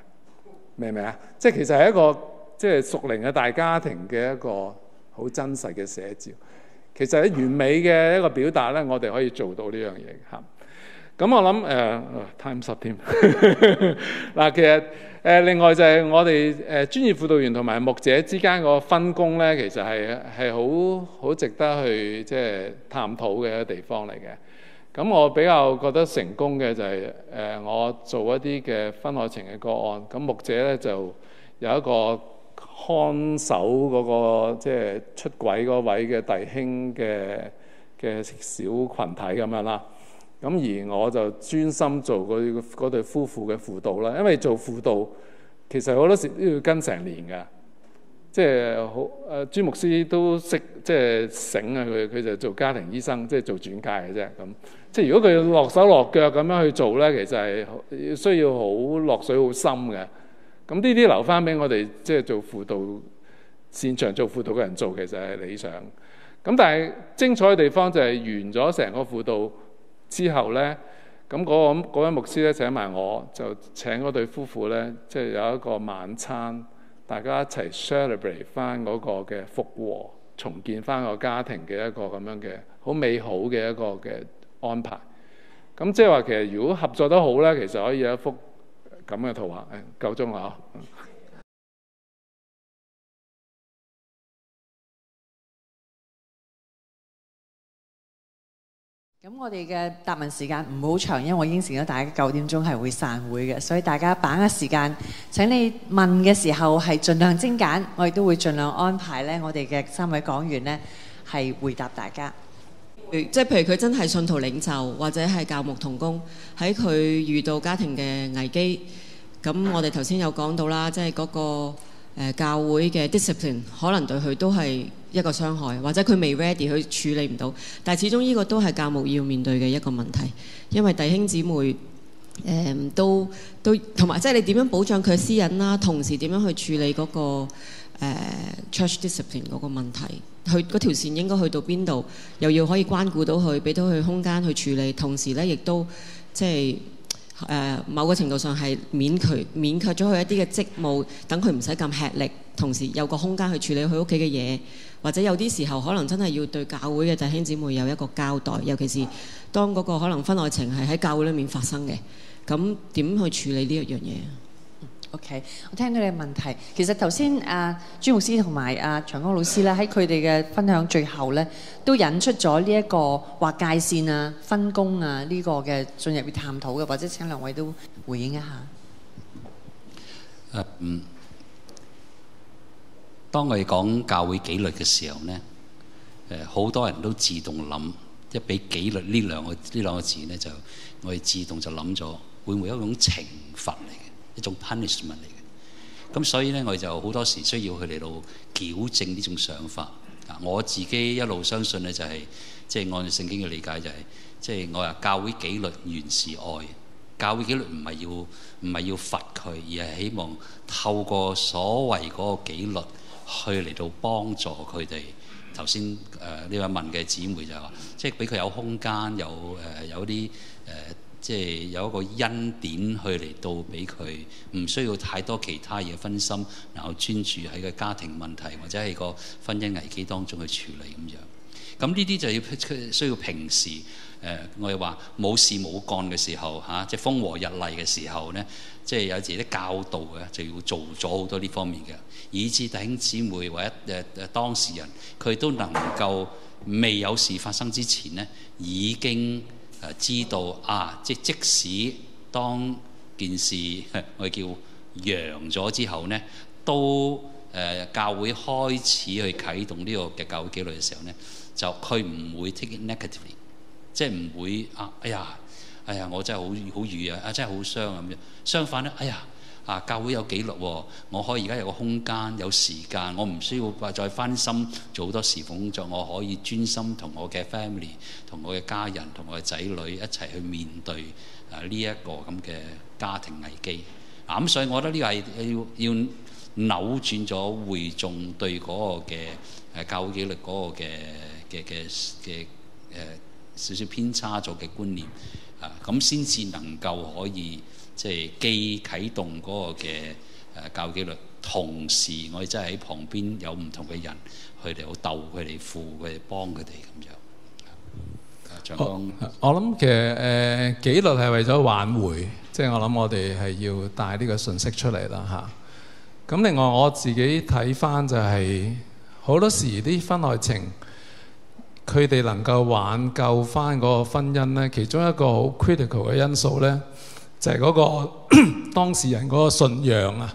明唔明啊？即係其實係一個。即係熟齡嘅大家庭嘅一個好真實嘅寫照。其實喺完美嘅一個表達咧，我哋可以做到呢樣嘢嚇。咁、嗯、我諗誒，time up 添嗱。呃哦、 其實誒、呃，另外就係我哋誒、呃、專業輔導員同埋牧者之間個分工咧，其實係係好好值得去即係、就是、探討嘅一個地方嚟嘅。咁我比較覺得成功嘅就係、是、誒、呃，我做一啲嘅婚外情嘅個案，咁牧者咧就有一個。看守嗰、那個即係、就是、出軌嗰位嘅弟兄嘅嘅小群體咁樣啦，咁而我就專心做嗰嗰對夫婦嘅輔導啦。因為做輔導其實好多時都要跟成年嘅，即係好誒。朱、啊、牧師都識即係醒啊，佢佢就做家庭醫生，就是、轉即係做轉介嘅啫。咁即係如果佢落手落腳咁樣去做咧，其實係需要好落水好深嘅。咁呢啲留翻俾我哋即係做輔導，擅長做輔導嘅人做，其實係理想。咁但係精彩嘅地方就係、是、完咗成個輔導之後咧，咁、那、嗰個位、那個、牧師咧請埋我，就請對夫婦咧，即、就、係、是、有一個晚餐，大家一齊 celebrate 翻個嘅復和、重建翻個家庭嘅一個咁樣嘅好美好嘅一個嘅安排。咁即係話其實如果合作得好咧，其實可以有一幅。咁嘅圖畫，誒，夠鐘啦！嗬，咁我哋嘅答問時間唔好、嗯、 長，因為我已經應承咗大家九點鐘係會散會嘅，所以大家把握時間。請你問嘅時候係盡量精簡，我亦都會盡量安排咧。我哋嘅三位講員咧係回答大家。即係譬如佢真係信徒領袖，或者係教牧同工，喺佢遇到家庭嘅危機，咁我哋頭先有講到啦，即係嗰個、呃、教會嘅 discipline 可能對佢都係一個傷害，或者佢未 ready，佢處理唔到。但係始終呢個都係教牧要面對嘅一個問題，因為弟兄姊妹誒、都都同埋即係你點樣保障佢私隱啦，同時點樣去處理嗰個。誒、uh, church discipline 嗰個問題，佢嗰條線應該去到邊度，又要可以關顧到佢，俾到佢空間去處理，同時咧亦都即係誒、uh, 某個程度上係免卻免卻咗佢一啲嘅職務，等佢唔使咁吃力，同時有個空間去處理佢屋企嘅嘢，或者有啲時候可能真係要對教會嘅弟兄姊妹有一個交代，尤其是當嗰個可能婚外情係喺教會裏面發生嘅，咁點去處理呢一樣嘢？OK，我聽到你嘅問題。其實頭先啊，朱牧師同埋啊祥江老師咧，喺佢哋嘅分享最後咧，都引出咗呢一個劃界線啊、分工啊呢個嘅進入去探討嘅，或者請兩位都回應一下。誒嗯，當我哋講教會紀律嘅時候咧，誒好多人都自動諗，一俾紀律呢兩個呢兩個字咧，就我哋自動就諗咗，會唔會有一種懲罰嚟嘅？一種 punishment 嚟嘅，咁所以呢，我就好多時需要去嚟到矯正呢種想法。啊，我自己一路相信呢、就是，就係即係按聖經嘅理解、就是，就係即係我話教會紀律原是愛，教會紀律唔係要唔係要罰佢，而係希望透過所謂嗰個紀律去嚟到幫助佢哋。頭先誒呢位問嘅姊妹就係話，即係俾佢有空間，有誒、呃、有啲誒。呃即係有一個恩典去嚟到俾佢，唔需要太多其他嘢分心，然後專注喺個家庭問題或者係個婚姻危機當中去處理咁樣。咁呢啲就要需要平時誒、呃，我哋話冇事冇幹嘅時候嚇、啊，即係風和日麗嘅時候咧，即係有自己啲教導嘅就要做咗好多呢方面嘅，以致弟兄姊妹或者誒誒、呃呃、當事人佢都能夠未有事發生之前咧已經。知道啊，即即使當件事我哋叫揚咗之後咧，都誒、呃、教會開始去啟動呢個嘅教會紀律嘅時候咧，就佢唔會 take it negatively，即係唔會啊！哎呀，哎呀，我真係好好愚啊！啊，真係好傷啊！咁樣相反咧，哎呀～啊，教會有紀律喎、哦，我可以而家有個空間、有時間，我唔需要話再分心做好多事奉工作，我可以專心同我嘅 family、同我嘅家人、同我嘅仔女一齊去面對啊呢一個咁嘅家庭危機。啊，咁、嗯、所以我覺得呢個係要要扭轉咗會眾對嗰個嘅誒、啊、教會紀律嗰個嘅嘅嘅嘅誒少少偏差咗嘅觀念啊，咁先至能夠可以。即係既啟動嗰個嘅誒教紀律，同時我真係喺旁邊有唔同嘅人，佢哋好鬥，佢哋扶佢哋幫佢哋咁樣我。我我諗其實誒紀律係為咗挽回，即係我諗我哋係要帶呢個信息出嚟啦嚇。咁、啊、另外我自己睇翻就係、是、好多時啲婚外情，佢哋能夠挽救翻嗰個婚姻咧，其中一個好 critical 嘅因素咧。就係嗰、那個 當事人嗰個信仰啊！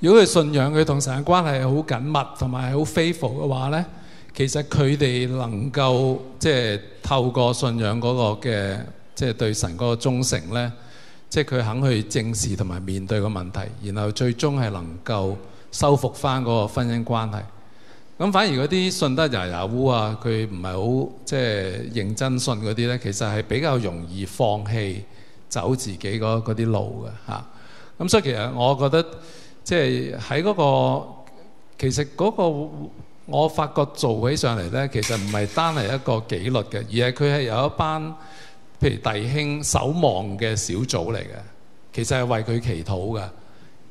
如果佢信仰佢同神嘅關係好緊密同埋好非 a 嘅話咧，其實佢哋能夠即係透過信仰嗰個嘅即係對神嗰個忠誠咧，即係佢肯去正視同埋面對個問題，然後最終係能夠修復翻嗰個婚姻關係。咁反而嗰啲信得牙牙烏啊，佢唔係好即係認真信嗰啲咧，其實係比較容易放棄。走自己嗰啲路嘅吓，咁、嗯、所以其實我覺得即係喺嗰個，其實嗰、嗰個我發覺做起上嚟咧，其實唔係單係一個紀律嘅，而係佢係有一班譬如弟兄守望嘅小組嚟嘅，其實係為佢祈禱嘅，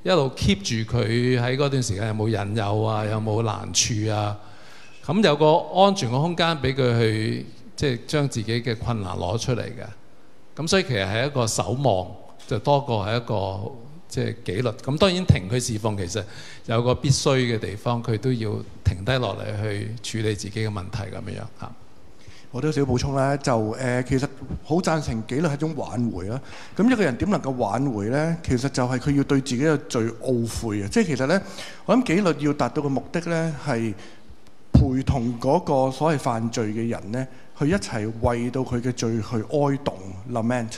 一路 keep 住佢喺嗰段時間有冇引誘啊，有冇難處啊，咁、嗯、有個安全嘅空間俾佢去即係將自己嘅困難攞出嚟嘅。咁所以其實，係一個守望，就多過係一個即係紀律。咁當然停佢侍奉，其實有個必須嘅地方，佢都要停低落嚟去處理自己嘅問題。咁樣樣吓，我都有少少補充咧，就誒、呃，其實好贊成紀律係一種挽回啦。咁一個人點能夠挽回咧？其實就係佢要對自己嘅罪懊悔啊！即係其實咧，我諗紀律要達到嘅目的咧，係陪同嗰個所謂犯罪嘅人咧。佢一齊為到佢嘅罪去哀悼、lament。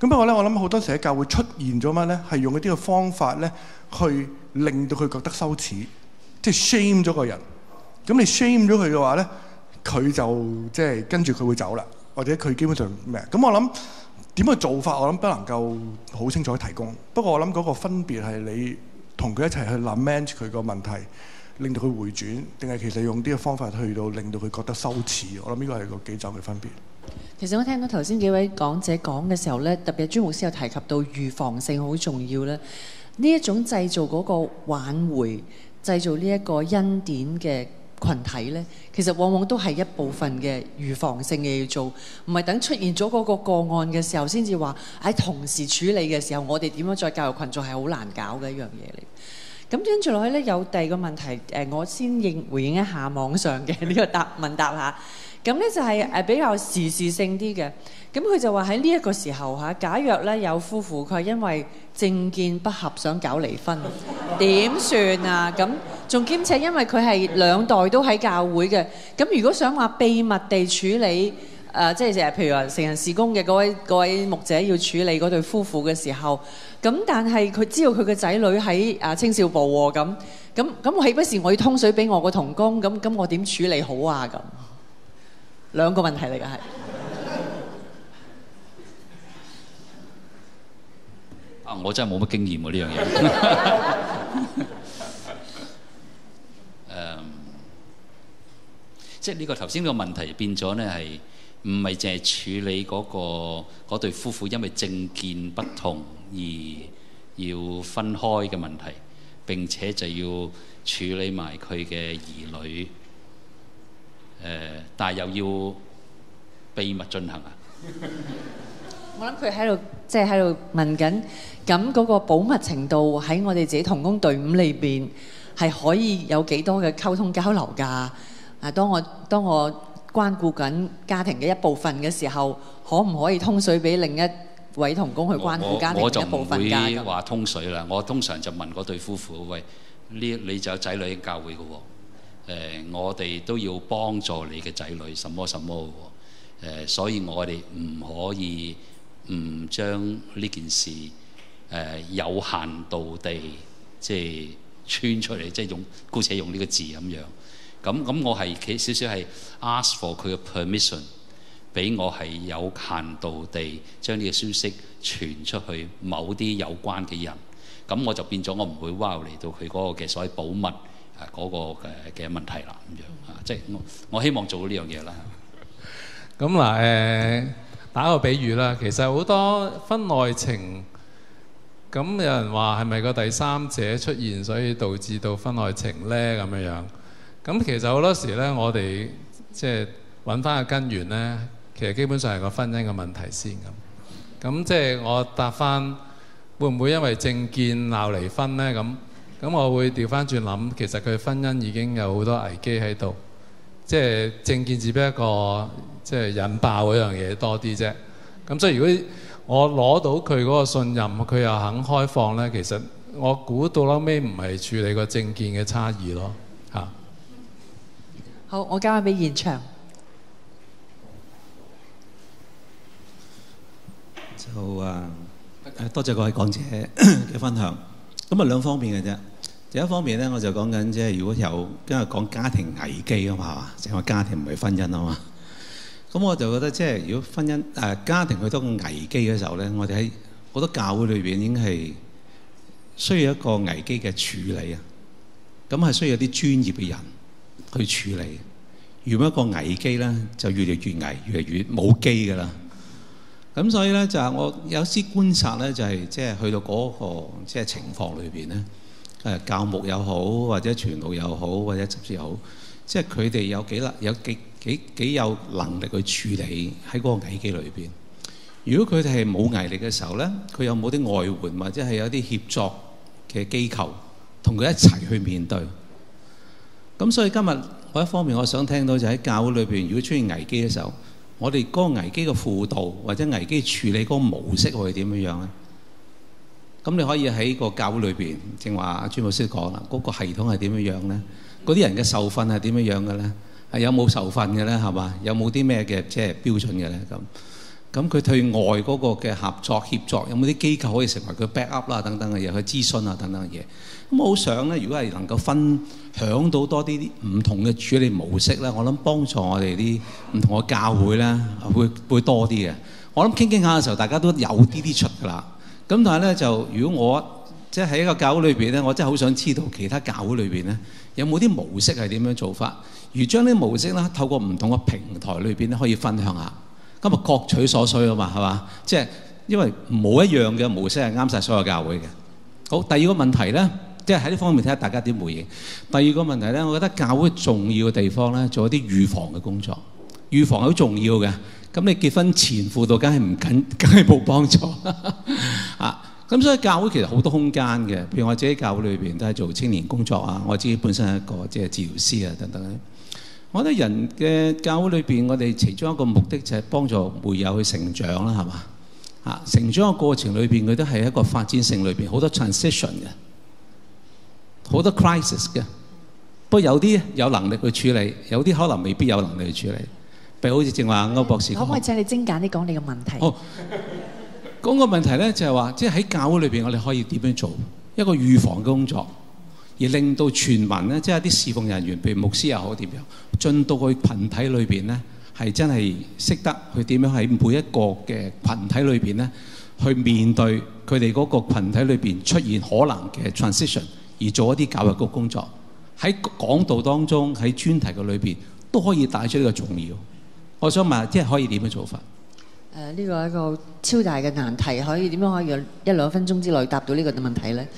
咁不過咧，我諗好多時教會出現咗乜咧，係用一啲嘅方法咧，去令到佢覺得羞恥，即係 shame 咗個人。咁你 shame 咗佢嘅話咧，佢就即係跟住佢會走啦，或者佢基本上咩？咁我諗點嘅做法，我諗不能夠好清楚提供。不過我諗嗰個分別係你同佢一齊去 lament 佢個問題。令到佢回轉，定係其實用呢個方法去到令到佢覺得羞恥，我諗呢個係個幾集嘅分別。其實我聽到頭先幾位講者講嘅時候呢，特別係朱牧師有提及到預防性好重要咧。呢一種製造嗰個挽回、製造呢一個恩典嘅群體呢，其實往往都係一部分嘅預防性嘅要做，唔係等出現咗嗰個個案嘅時候先至話。喺同時處理嘅時候，我哋點樣再教育群眾係好難搞嘅一樣嘢嚟。咁跟住落去咧，有第二個問題，誒，我先應回應一下網上嘅呢個答問答吓。咁咧就係誒比較時事性啲嘅。咁佢就話喺呢一個時候吓，假若咧有夫婦佢係因為政見不合想搞離婚，點算啊？咁仲兼且因為佢係兩代都喺教會嘅，咁如果想話秘密地處理誒，即係成譬如話成人事工嘅嗰位嗰位牧者要處理嗰對夫婦嘅時候。咁但係佢知道佢嘅仔女喺啊青少部喎，咁咁咁，我豈不是我要通水俾我個同工？咁咁我點處理好啊？咁兩個問題嚟㗎係啊，我真係冇乜經驗喎呢樣嘢。誒，即係呢個頭先個問題變咗呢，係唔係淨係處理嗰個嗰對夫婦，因為政見不同？而要分開嘅問題，並且就要處理埋佢嘅兒女。誒、呃，但係又要秘密進行啊！我諗佢喺度，即係喺度問緊，咁嗰個保密程度喺我哋自己同工隊伍裏邊係可以有幾多嘅溝通交流噶啊，當我當我關顧緊家庭嘅一部分嘅時候，可唔可以通水俾另一？委同工去關顧家庭一部分㗎，我我就話通水啦。我通常就問嗰對夫婦：喂，呢你就有仔女喺教會嘅喎？誒，我哋都要幫助你嘅仔女，什麼什麼嘅喎？誒，所以我哋唔可以唔將呢件事誒，有限度地即係穿出嚟，即係用姑且用呢個字咁樣。咁咁，我係企少少係 ask for 佢嘅 permission。俾我係有限度地將呢個消息傳出去某啲有關嘅人，咁我就變咗我唔會 wow 嚟到佢嗰個嘅所謂保密啊嗰個嘅嘅問題啦咁樣啊，即係我我希望做到呢樣嘢啦。咁嗱，誒，打個比喻啦，其實好多婚外情，咁有人話係咪個第三者出現，所以導致到婚外情咧咁樣樣？咁其實好多時咧，我哋即係揾翻個根源咧。其實基本上係個婚姻嘅問題先咁，咁即係我答翻，會唔會因為政見鬧離婚呢？咁咁我會調翻轉諗，其實佢婚姻已經有好多危機喺度，即係政見只不過即係引爆嗰樣嘢多啲啫。咁所以如果我攞到佢嗰個信任，佢又肯開放呢？其實我估到撈尾唔係處理個政見嘅差異咯。嚇！好，我交翻俾現場。好啊！誒，多謝各位講者嘅分享。咁啊，兩 方面嘅啫。第一方面咧，我就講緊即係如果有，因為講家庭危機啊嘛，係嘛？成、就、個、是、家庭唔係婚姻啊嘛。咁我就覺得即係如果婚姻誒、呃、家庭去到個危機嘅時候咧，我哋喺好多教會裏邊已經係需要一個危機嘅處理啊。咁係需要有啲專業嘅人去處理。如果一個危機咧，就越嚟越危，越嚟越冇機噶啦。越咁 所以咧就係我有啲觀察咧、就是，就係即係去到嗰、那個即係、就是、情況裏邊咧，誒教牧又好，或者傳道又好，或者執事又好，即係佢哋有幾能有幾幾幾有能力去處理喺嗰個危機裏邊。如果佢哋係冇毅力嘅時候咧，佢有冇啲外援或者係有啲協助嘅機構同佢一齊去面對？咁所以今日我一方面我想聽到就喺教會裏邊，如果出現危機嘅時候。我哋嗰個危機嘅輔導或者危機處理嗰個模式會點樣樣咧？咁你可以喺個教會裏邊，正話阿朱牧師講啦，嗰個系統係點樣樣咧？嗰啲人嘅受訓係點樣樣嘅咧？係有冇受訓嘅咧？係嘛？有冇啲咩嘅即係標準嘅咧？咁咁佢對外嗰個嘅合作協作有冇啲機構可以成為佢 back up 啦等等嘅嘢去諮詢啊等等嘅嘢。咁好想咧，如果係能夠分享到多啲啲唔同嘅處理模式咧，我諗幫助我哋啲唔同嘅教會咧，會會多啲嘅。我諗傾傾下嘅時候，大家都有啲啲出噶啦。咁但係咧，就如果我即係喺一個教會裏邊咧，我真係好想知道其他教會裏邊咧，有冇啲模式係點樣做法？而將啲模式啦，透過唔同嘅平台裏邊咧，可以分享下。今日各取所需啊嘛，係嘛？即係因為冇一樣嘅模式係啱晒所有教會嘅。好，第二個問題咧。即係喺呢方面睇下大家點回應。第二個問題咧，我覺得教會重要嘅地方咧，做一啲預防嘅工作，預防好重要嘅。咁你結婚前輔導，梗係唔緊，梗係冇幫助 啊。咁所以教會其實好多空間嘅，譬如我自己教會裏邊都係做青年工作啊。我自己本身係一個即係治療師啊等等。我覺得人嘅教會裏邊，我哋其中一個目的就係幫助會友去成長啦，係嘛啊？成長嘅過程裏邊，佢都係一個發展性裏邊，好多 transition 嘅。好多 crisis 嘅，不過有啲有能力去處理，有啲可能未必有能力去處理。譬如好似正話區博士可唔可以請你精簡啲講你嘅問題？講、哦嗰個問題咧，就係話即係喺教會裏邊，我哋可以點樣做一個預防嘅工作，而令到全民咧，即係啲侍奉人員，譬如牧師又好點樣進到去群體裏邊咧，係真係識得佢點樣喺每一個嘅群體裏邊咧，去面對佢哋嗰個羣體裏邊出現可能嘅 transition。而做一啲教育局工作，喺講道當中，喺專題嘅裏邊都可以帶出呢個重要。我想問下，即係可以點樣做法？誒、呃，呢、這個係一個超大嘅難題，可以點樣可以有一兩分鐘之內答到呢個嘅問題咧？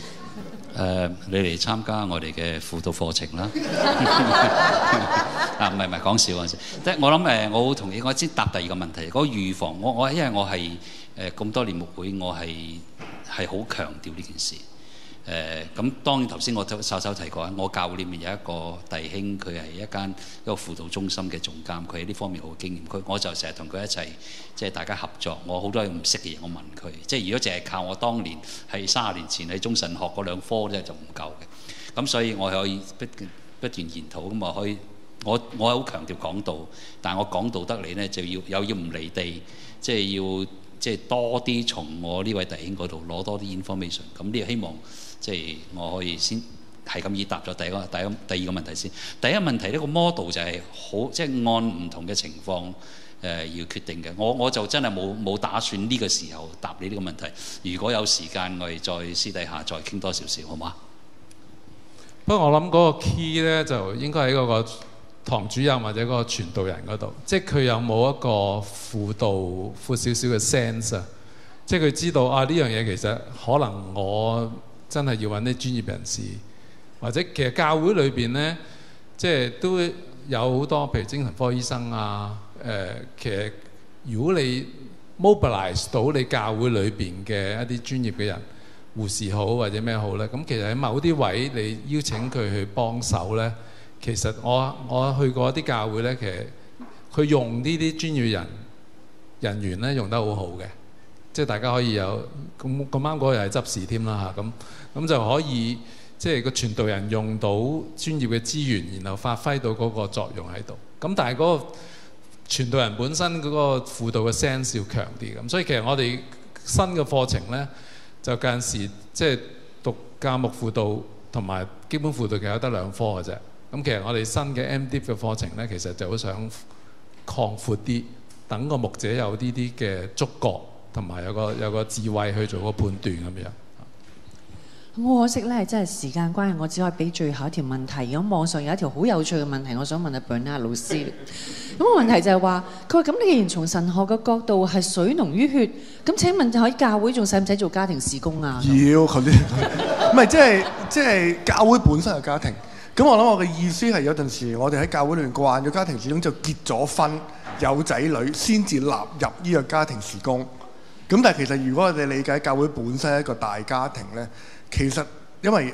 誒、呃，你嚟參加我哋嘅輔導課程啦！啊，唔係唔係講笑啊！即係我諗誒，我好、呃、同意。我先答第二個問題。嗰、那、預、個、防，我我因為我係誒咁多年牧會，我係係好強調呢件事。誒咁，呃、當然頭先我就稍稍提過我教會裡面有一個弟兄，佢係一間一個輔導中心嘅總監，佢喺呢方面好經驗。佢我就成日同佢一齊，即係大家合作。我好多嘢唔識嘅嘢，我問佢。即係如果淨係靠我當年喺三十年前喺中神學嗰兩科咧，就唔夠嘅。咁所以我可以不斷不斷研討，咁啊可以我我好強調講道，但係我講道得嚟呢，就要又要唔離地，即係要即係多啲從我呢位弟兄嗰度攞多啲 information。咁呢個希望。即係我可以先係咁以答咗第一個、第一、第二個問題先。第一個問題呢、呢個 model 就係好即係按唔同嘅情況誒、呃、要決定嘅。我我就真係冇冇打算呢個時候答你呢個問題。如果有時間，我哋再私底下再傾多少少，好嗎？不過我諗嗰個 key 呢，就應該喺嗰個堂主任或者嗰個傳道人嗰度，即係佢有冇一個輔導闊少少嘅 sense 啊？即係佢知道啊呢樣嘢其實可能我。真係要揾啲專業人士，或者其實教會裏邊呢，即係都有好多，譬如精神科醫生啊，誒、呃，其實如果你 mobilize 到你教會裏邊嘅一啲專業嘅人，護士好或者咩好呢？咁其實喺某啲位你邀請佢去幫手呢，其實我我去過一啲教會呢，其實佢用呢啲專業人人員呢，用得好好嘅。即係大家可以有咁咁啱嗰日係執事添啦，嚇，咁咁就可以，即係個傳道人用到專業嘅資源，然後發揮到嗰個作用喺度。咁但係嗰個傳道人本身嗰個輔導嘅 sense 要強啲咁，所以其實我哋新嘅課程呢，就近陣時即係讀教牧輔導同埋基本輔導，其實得兩科嘅啫。咁其實我哋新嘅 MDiv 嘅課程呢，其實就好想擴闊啲，等個牧者有呢啲嘅觸覺。同埋有個有個智慧去做個判斷咁樣。咁可惜咧，真係時間關係，我只可以俾最後一條問題。如果網上有一條好有趣嘅問題，我想問阿 Bernard 老師。咁個問題就係話：佢話咁你既然從神學嘅角度係水濃於血，咁請問就喺教會仲使唔使做家庭事工啊？要 唔係即係即係教會本身係家庭。咁我諗我嘅意思係有陣時我哋喺教會裏面慣咗家庭，始終就結咗婚、有仔女，先至納入呢個家庭事工。咁但係其實如果我哋理解教會本身係一個大家庭咧，其實因為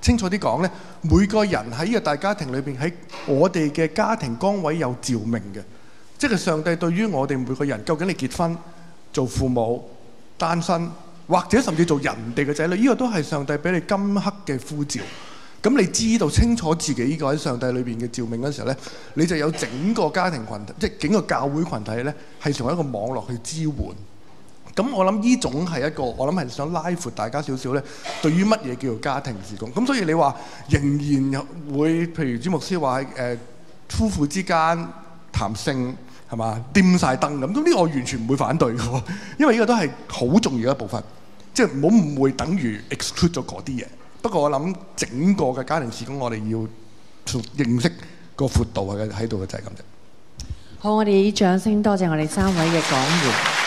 清楚啲講咧，每個人喺呢個大家庭裏邊，喺我哋嘅家庭崗位有召命嘅，即係上帝對於我哋每個人，究竟你結婚、做父母、單身，或者甚至做人哋嘅仔女，呢、呢個都係上帝俾你今刻嘅呼召。咁、嗯、 你知道清楚自己呢個喺上帝裏邊嘅召命嗰時候咧，你就有整個家庭群體，即係整個教會群體咧，係從一個網絡去支援。咁我諗呢種係一個，我諗係想拉闊大家少少咧。對於乜嘢叫做家庭事工？咁所以你話仍然會，譬如朱牧師話誒，夫、呃、婦之間談性係嘛，掂晒燈咁。咁呢個我完全唔會反對嘅，因為呢個都係好重要嘅一部分。即係唔好唔會，等於 exclude 咗嗰啲嘢。不過我諗整個嘅家庭事工，我哋要認識個闊度喺度嘅就係咁啫。好，我哋以掌聲多謝我哋三位嘅講員。